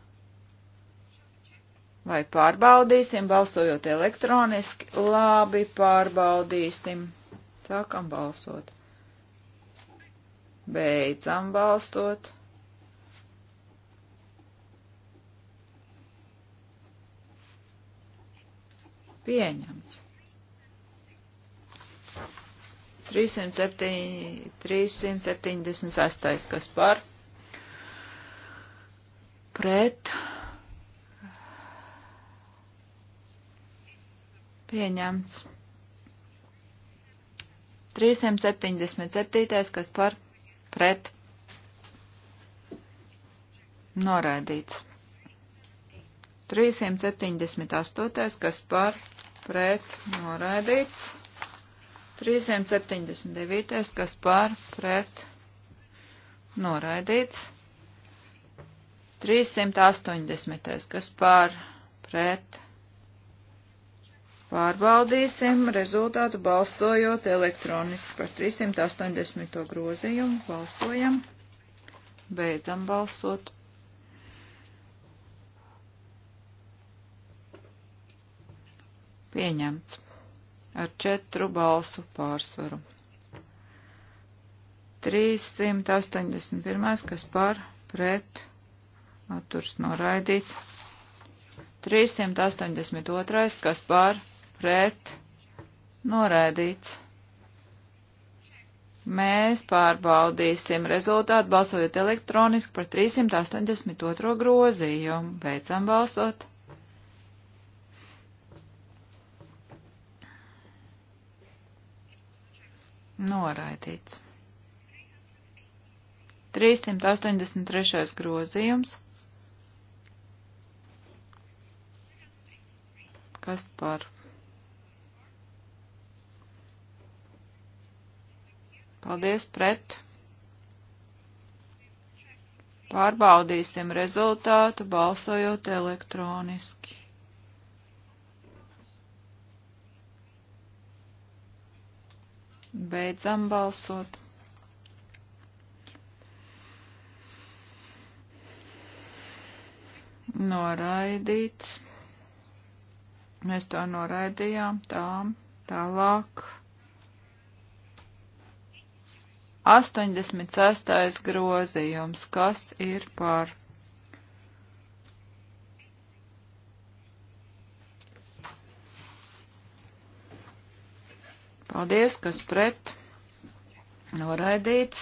Vai pārbaudīsim, balsojot elektroniski? Labi, pārbaudīsim. Sākam balsot. Beidzam balsot. Pieņemts. 307, 378, kas par pret Pieņemts. 377. kas par pret. Noraidīts. 378. kas par pret. Noraidīts. 379. kas par pret. Noraidīts. 380. kas par pret. Pārbaudīsim rezultātu balsojot elektroniski par 380. grozījumu. Balsojam. Beidzam balsot. Pieņemts ar četru balsu pārsvaru. 381. kas par pret atturs noraidīts. 382. kas par pret pret noraidīts. Mēs pārbaudīsim rezultātu balsojot elektroniski par 382. grozījumu. Beidzam balsot. Noraidīts. 383. grozījums. Kas par Paldies pret. Pārbaudīsim rezultātu balsojot elektroniski. Beidzam balsot. Noraidīts. Mēs to noraidījām tām tālāk. 86. grozījums, kas ir par Paldies, kas pret noraidīts.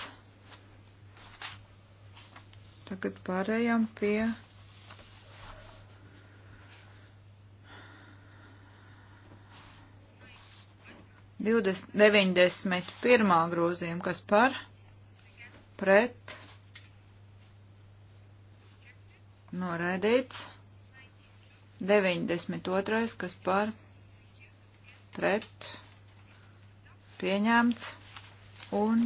Tagad pārējām pie 20, 91. grozījuma, kas par, pret, noraidīts. 92. kas par, pret, pieņemts. Un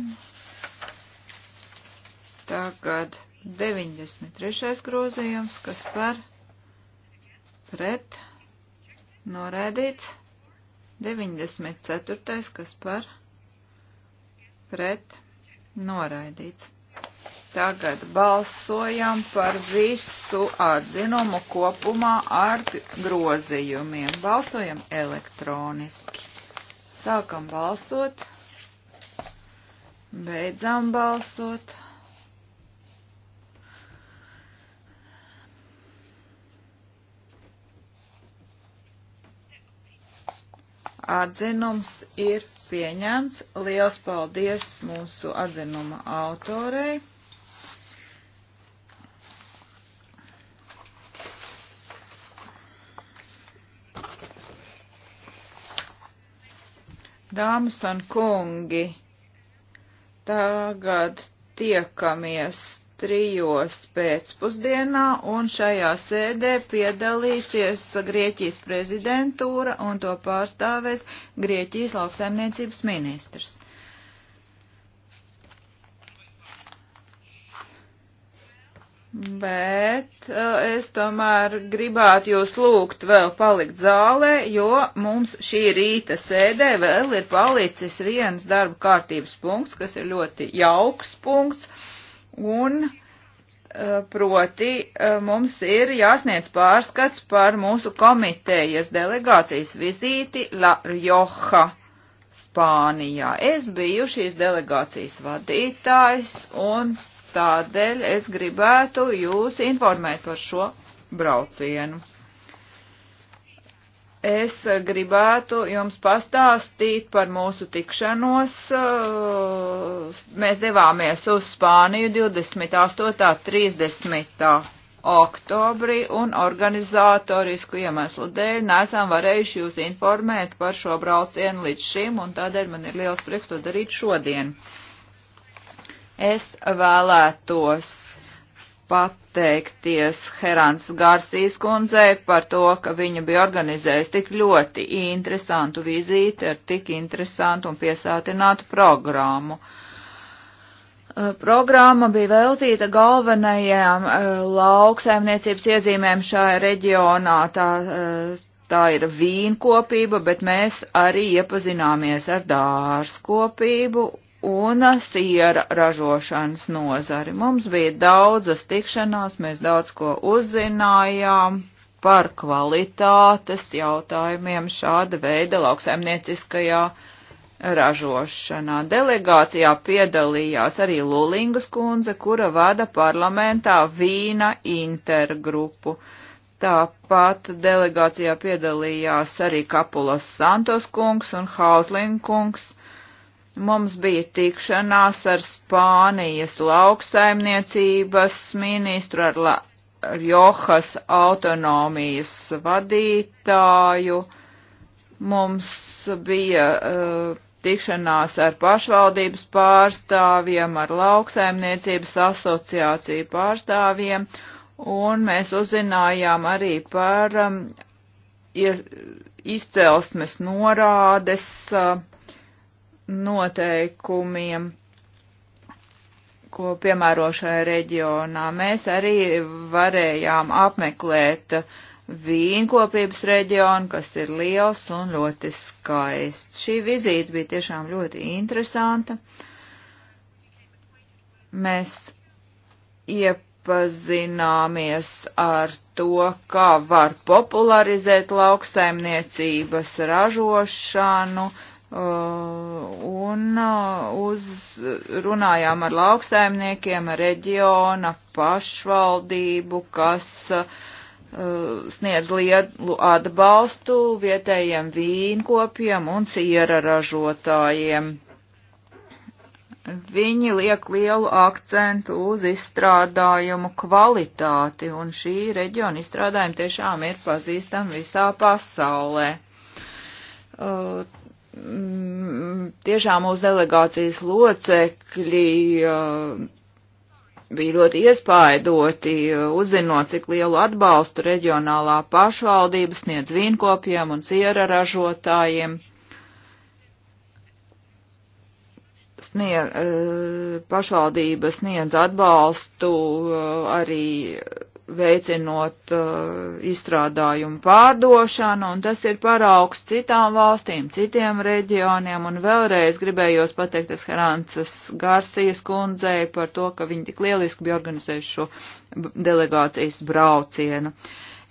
tagad 93. grozījums, kas par, pret, noraidīts. 94. kas par pret noraidīts. Tagad balsojam par visu atzinumu kopumā ar grozījumiem. Balsojam elektroniski. Sākam balsot. Beidzam balsot. Atzinums ir pieņemts. Liels paldies mūsu atzinuma autorei. Dāmas un kungi, tagad tiekamies trijos pēcpusdienā, un šajā sēdē piedalīsies Grieķijas prezidentūra un to pārstāvēs Grieķijas lauksaimniecības ministrs. Bet eh, es tomēr gribētu jūs lūgt vēl palikt zālē, jo mums šī rīta sēdē vēl ir palicis viens darba kārtības punkts, kas ir ļoti jauks punkts un eh, proti eh, mums ir jāsniedz pārskats par mūsu komitejas delegācijas vizīti La Rioja, Spānijā. Es biju šīs delegācijas vadītājs un tādēļ es gribētu jūs informēt par šo braucienu es gribētu jums pastāstīt par mūsu tikšanos. Eh, mēs devāmies uz Spāniju 28. 30. oktobrī un organizatorisku iemeslu dēļ nesam varējuši jūs informēt par šo braucienu līdz šim un tādēļ man ir liels prieks to darīt šodien. Es vēlētos pateikties Herāns Garsīs kundzei par to, ka viņa bija organizējusi tik ļoti interesantu vizīti ar tik interesantu un piesātinātu programmu. Uh, programma bija veltīta galvenajām uh, lauksaimniecības iezīmēm šajā reģionā. Tā, uh, tā ir vīnkopība, bet mēs arī iepazināmies ar dārzkopību un siera ražošanas nozari. Mums bija daudzas tikšanās, mēs daudz ko uzzinājām par kvalitātes jautājumiem šāda veida lauksaimnieciskajā ražošanā. Delegācijā piedalījās arī Lulingas kundze, kura vada parlamentā vīna intergrupu. Tāpat delegācijā piedalījās arī Kapulas Santos kungs un Hausling kungs Mums bija tikšanās ar Spānijas lauksaimniecības ministru, ar, La ar Johas autonomijas vadītāju. Mums bija uh, tikšanās ar pašvaldības pārstāvjiem, ar lauksaimniecības asociāciju pārstāvjiem, un mēs uzzinājām arī par um, izcelsmes norādes. Uh, noteikumiem, ko piemēro šajā reģionā. Mēs arī varējām apmeklēt vīnkopības reģionu, kas ir liels un ļoti skaists. Šī vizīte bija tiešām ļoti interesanta. Mēs iepazināmies ar to, kā var popularizēt lauksaimniecības ražošanu, uh, Uh, un uh, uz, runājām ar lauksaimniekiem, ar reģiona pašvaldību, kas uh, sniedz lielu atbalstu vietējiem vīnkopiem un siera ražotājiem. Viņi liek lielu akcentu uz izstrādājumu kvalitāti, un šī reģiona izstrādājumi tiešām ir pazīstami visā pasaulē. Uh, Mm, tiešām mūsu delegācijas locekļi uh, bija ļoti iespaidoti, uh, uzzinot, cik lielu atbalstu reģionālā pašvaldība sniedz vīnkopiem un siera ražotājiem. Snie, uh, pašvaldība sniedz atbalstu arī veicinot uh, izstrādājumu pārdošanu, un tas ir paraugs citām valstīm, citiem reģioniem, un vēlreiz gribējos pateikties Herances Garcijas kundzei par to, ka viņi tik lieliski bija organizējuši šo delegācijas braucienu.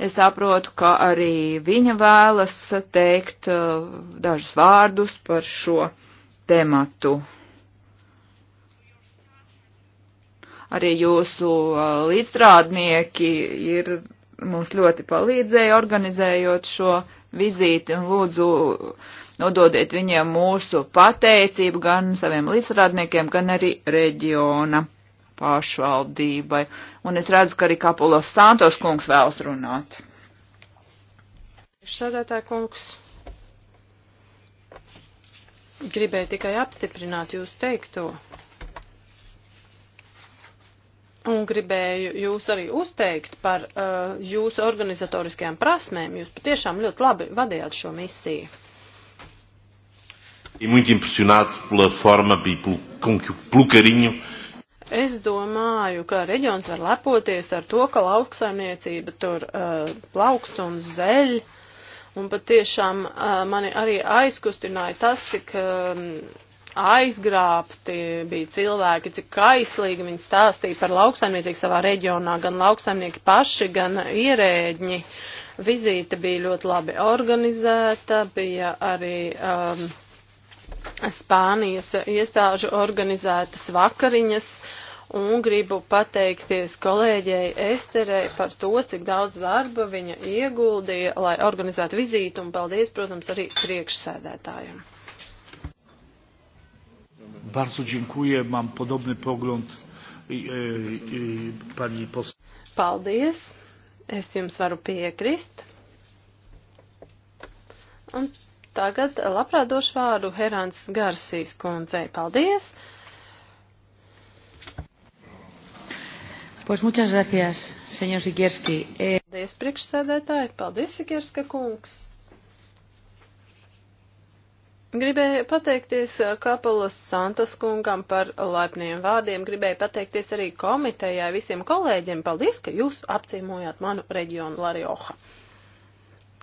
Es saprotu, ka arī viņa vēlas teikt uh, dažus vārdus par šo tematu. arī jūsu uh, līdzstrādnieki ir mums ļoti palīdzēja organizējot šo vizīti un lūdzu nododiet viņiem mūsu pateicību gan saviem līdzstrādniekiem, gan arī reģiona pašvaldībai. Un es redzu, ka arī Kapulos Santos kungs vēlas runāt. Sēdētāja kungs, gribēju tikai apstiprināt jūs teikto. Un gribēju jūs arī uzteikt par uh, jūsu organizatoriskajām prasmēm. Jūs patiešām ļoti labi vadījāt šo misiju. E muito impressionado pela forma e pelo, com que, pelo carinho. Es domāju, ka reģions var lepoties ar to, ka lauksaimniecība tur uh, plaukst un zeļ. Un patiešām uh, mani arī aizkustināja tas, cik uh, aizgrābti, bija cilvēki, cik kaislīgi viņi stāstīja par lauksaimniecību savā reģionā, gan lauksaimnieki paši, gan ierēģi. Vizīte bija ļoti labi organizēta, bija arī um, Spānijas iestāžu organizētas vakariņas, un gribu pateikties kolēģei Esterei par to, cik daudz darba viņa ieguldīja, lai organizētu vizītu, un paldies, protams, arī priekšsēdētājiem. Bardzo dziękuję. Mam podobny pogląd e, pani poseł. Paldies. Es jums varu piekrist. Un tagad labprāt došu vārdu Herāns Garsīs kundzei. Paldies. Pues muchas gracias, señor Sikierski. Eh, Paldies, priekšsēdētāji. Paldies, Sikierska kungs. Gribēju pateikties uh, Kapalas Santos kungam par laipniem vārdiem, gribēju pateikties arī komitejai, visiem kolēģiem. Paldies, ka jūs apciemojāt manu reģionu Larioha.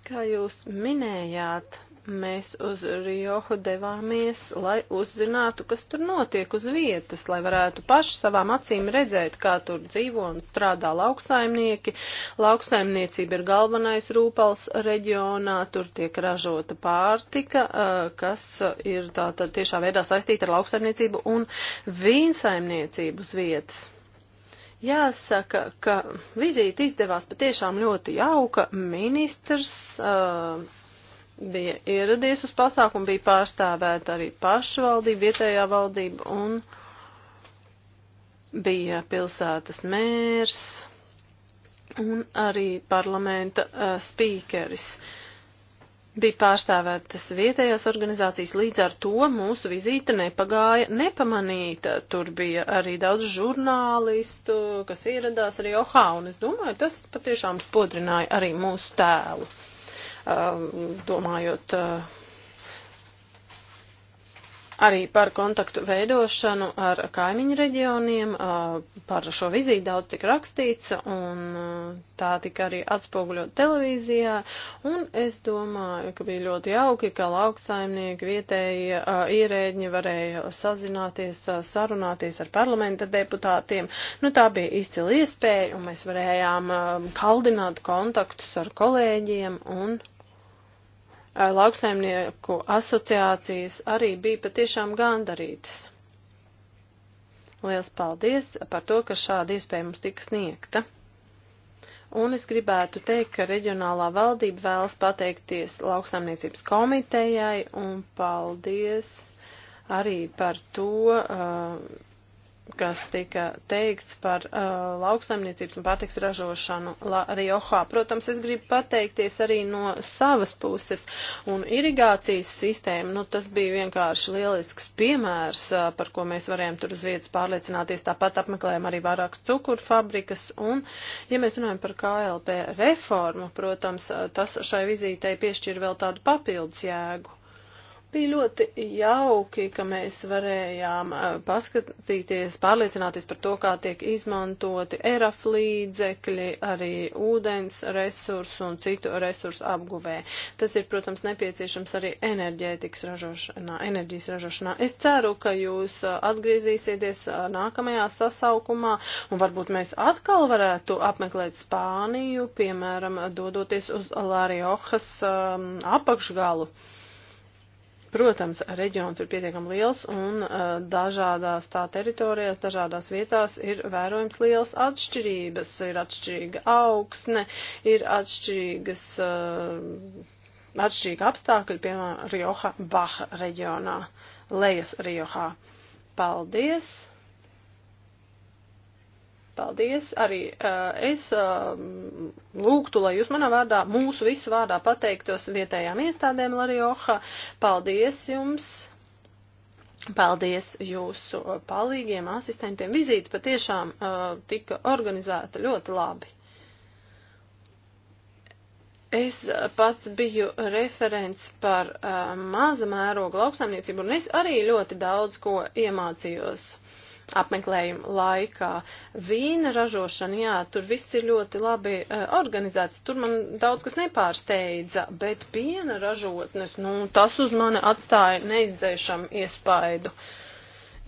Kā jūs minējāt, mēs uz Riohu devāmies, lai uzzinātu, kas tur notiek uz vietas, lai varētu paši savām acīm redzēt, kā tur dzīvo un strādā lauksaimnieki. Lauksaimniecība ir galvenais rūpals reģionā, tur tiek ražota pārtika, kas ir tātad tiešā veidā saistīta ar lauksaimniecību un vīnsaimniecību uz vietas. Jāsaka, ka vizīte izdevās patiešām ļoti jauka. Ministrs uh, bija ieradies uz pasākumu, bija pārstāvēta arī pašvaldība, vietējā valdība un bija pilsētas mērs un arī parlamenta uh, spīkeris. Bija pārstāvētas vietējās organizācijas, līdz ar to mūsu vizīte nepagāja nepamanīta. Tur bija arī daudz žurnālistu, kas ieradās arī Ohā, un es domāju, tas patiešām spodrināja arī mūsu tēlu. Um, domājot uh, arī par kontaktu veidošanu ar kaimiņu reģioniem. Uh, par šo vizīti daudz tika rakstīts, un uh, tā tika arī atspoguļot televīzijā. Un es domāju, ka bija ļoti jauki, ka lauksaimnieki vietēji ierēģi varēja sazināties, sarunāties ar parlamenta deputātiem. Nu, tā bija izcila iespēja, un mēs varējām um, kaldināt kontaktus ar kolēģiem un lauksaimnieku asociācijas arī bija patiešām gandarītas. Liels paldies par to, ka šāda iespēja mums tika sniegta. Un es gribētu teikt, ka reģionālā valdība vēlas pateikties lauksaimniecības komitejai un paldies arī par to, uh, kas tika teikts par uh, lauksaimniecības un pārtiks ražošanu La Riohā. Protams, es gribu pateikties arī no savas puses un irigācijas sistēma, nu tas bija vienkārši lielisks piemērs, uh, par ko mēs varējām tur uz vietas pārliecināties. Tāpat apmeklējām arī vairākas cukuru fabrikas un, ja mēs runājam par KLP reformu, protams, uh, tas šai vizītei piešķir vēl tādu papildus jēgu. Bija ļoti jauki, ka mēs varējām paskatīties, pārliecināties par to, kā tiek izmantoti eraf līdzekļi, arī ūdens resursu un citu resursu apguvē. Tas ir, protams, nepieciešams arī enerģētikas ražošanā, enerģijas ražošanā. Es ceru, ka jūs atgriezīsieties nākamajā sasaukumā un varbūt mēs atkal varētu apmeklēt Spāniju, piemēram, dodoties uz Lariohas um, apakšgalu. Protams, reģions ir pietiekami liels un uh, dažādās tā teritorijās, dažādās vietās ir vērojams liels atšķirības. Ir atšķirīga augsne, ir atšķirīgas, uh, atšķirīga apstākļi, piemēram, Rioja Baha reģionā, Lejas Riojā. Paldies! paldies. Arī uh, es uh, lūgtu, lai jūs manā vārdā, mūsu visu vārdā pateiktos vietējām iestādēm Larioha. Paldies jums! Paldies jūsu eh, palīgiem, asistentiem. Vizīte patiešām uh, tika organizēta ļoti labi. Es pats biju referents par uh, maza mēroga lauksaimniecību, un es arī ļoti daudz ko iemācījos apmeklējuma laikā. Vīna ražošana, jā, tur viss ir ļoti labi uh, organizēts, tur man daudz kas nepārsteidza, bet piena ražotnes, nu, tas uz mani atstāja neizdzēšam iespaidu.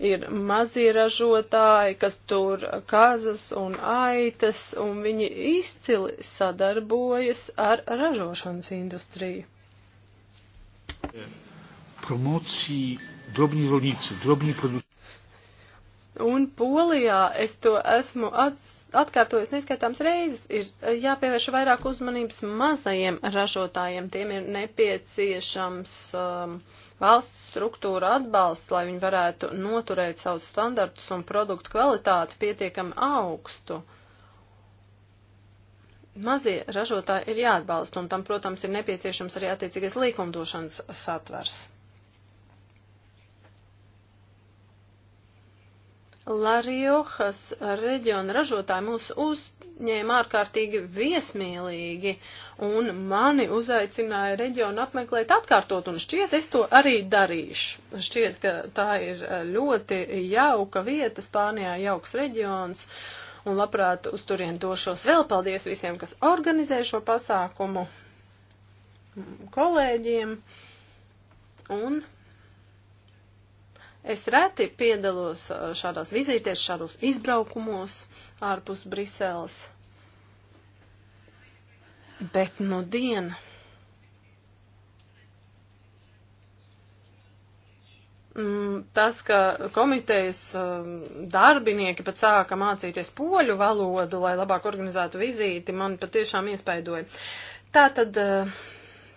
Ir mazie ražotāji, kas tur kazas un aitas, un viņi izcili sadarbojas ar ražošanas industriju. Promocija drobni rolnici, drobni produkti. Un Polijā es to esmu atkārtojis neskaitāms reizes, ir jāpievērš vairāk uzmanības mazajiem ražotājiem, tiem ir nepieciešams um, valsts struktūra atbalsts, lai viņi varētu noturēt savus standartus un produktu kvalitāti pietiekami augstu. Mazie ražotāji ir jāatbalsta, un tam, protams, ir nepieciešams arī attiecīgais likumdošanas satvers. Lariohas reģiona ražotāji mūs uzņēma ārkārtīgi viesmīlīgi un mani uzaicināja reģionu apmeklēt atkārtot un šķiet es to arī darīšu. Šķiet, ka tā ir ļoti jauka vieta Spānijā, jauks reģions un labprāt uz turien došos. Vēl paldies visiem, kas organizē šo pasākumu, kolēģiem un Es reti piedalos eh, šādās vizītēs, šādos izbraukumos ārpus Briseles. Bet nu diena. Mm, tas, ka komitejas eh, darbinieki pat sāka mācīties poļu valodu, lai labāk organizētu vizīti, man patiešām iespaidoja. Tātad eh,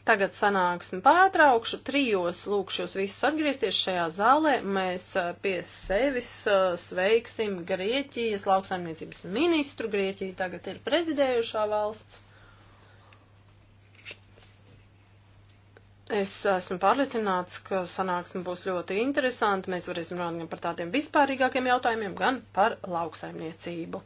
Tagad sanāksmi pārtraukšu, trijos lūkšos visus atgriezties šajā zālē. Mēs pie sevis sveiksim Grieķijas lauksaimniecības ministru. Grieķija tagad ir prezidējušā valsts. Es esmu pārliecināts, ka sanāksme būs ļoti interesanta. Mēs varēsim runāt gan par tādiem vispārīgākiem jautājumiem, gan par lauksaimniecību.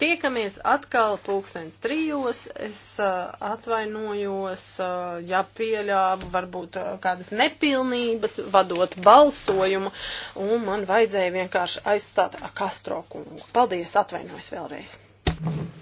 Tiekamies atkal pulkstens trijos. Es uh, atvainojos, uh, ja pieļāvu varbūt uh, kādas nepilnības, vadot balsojumu, un man vajadzēja vienkārši aizstāt Kastro kungu. Paldies, atvainojos vēlreiz. Mm -hmm.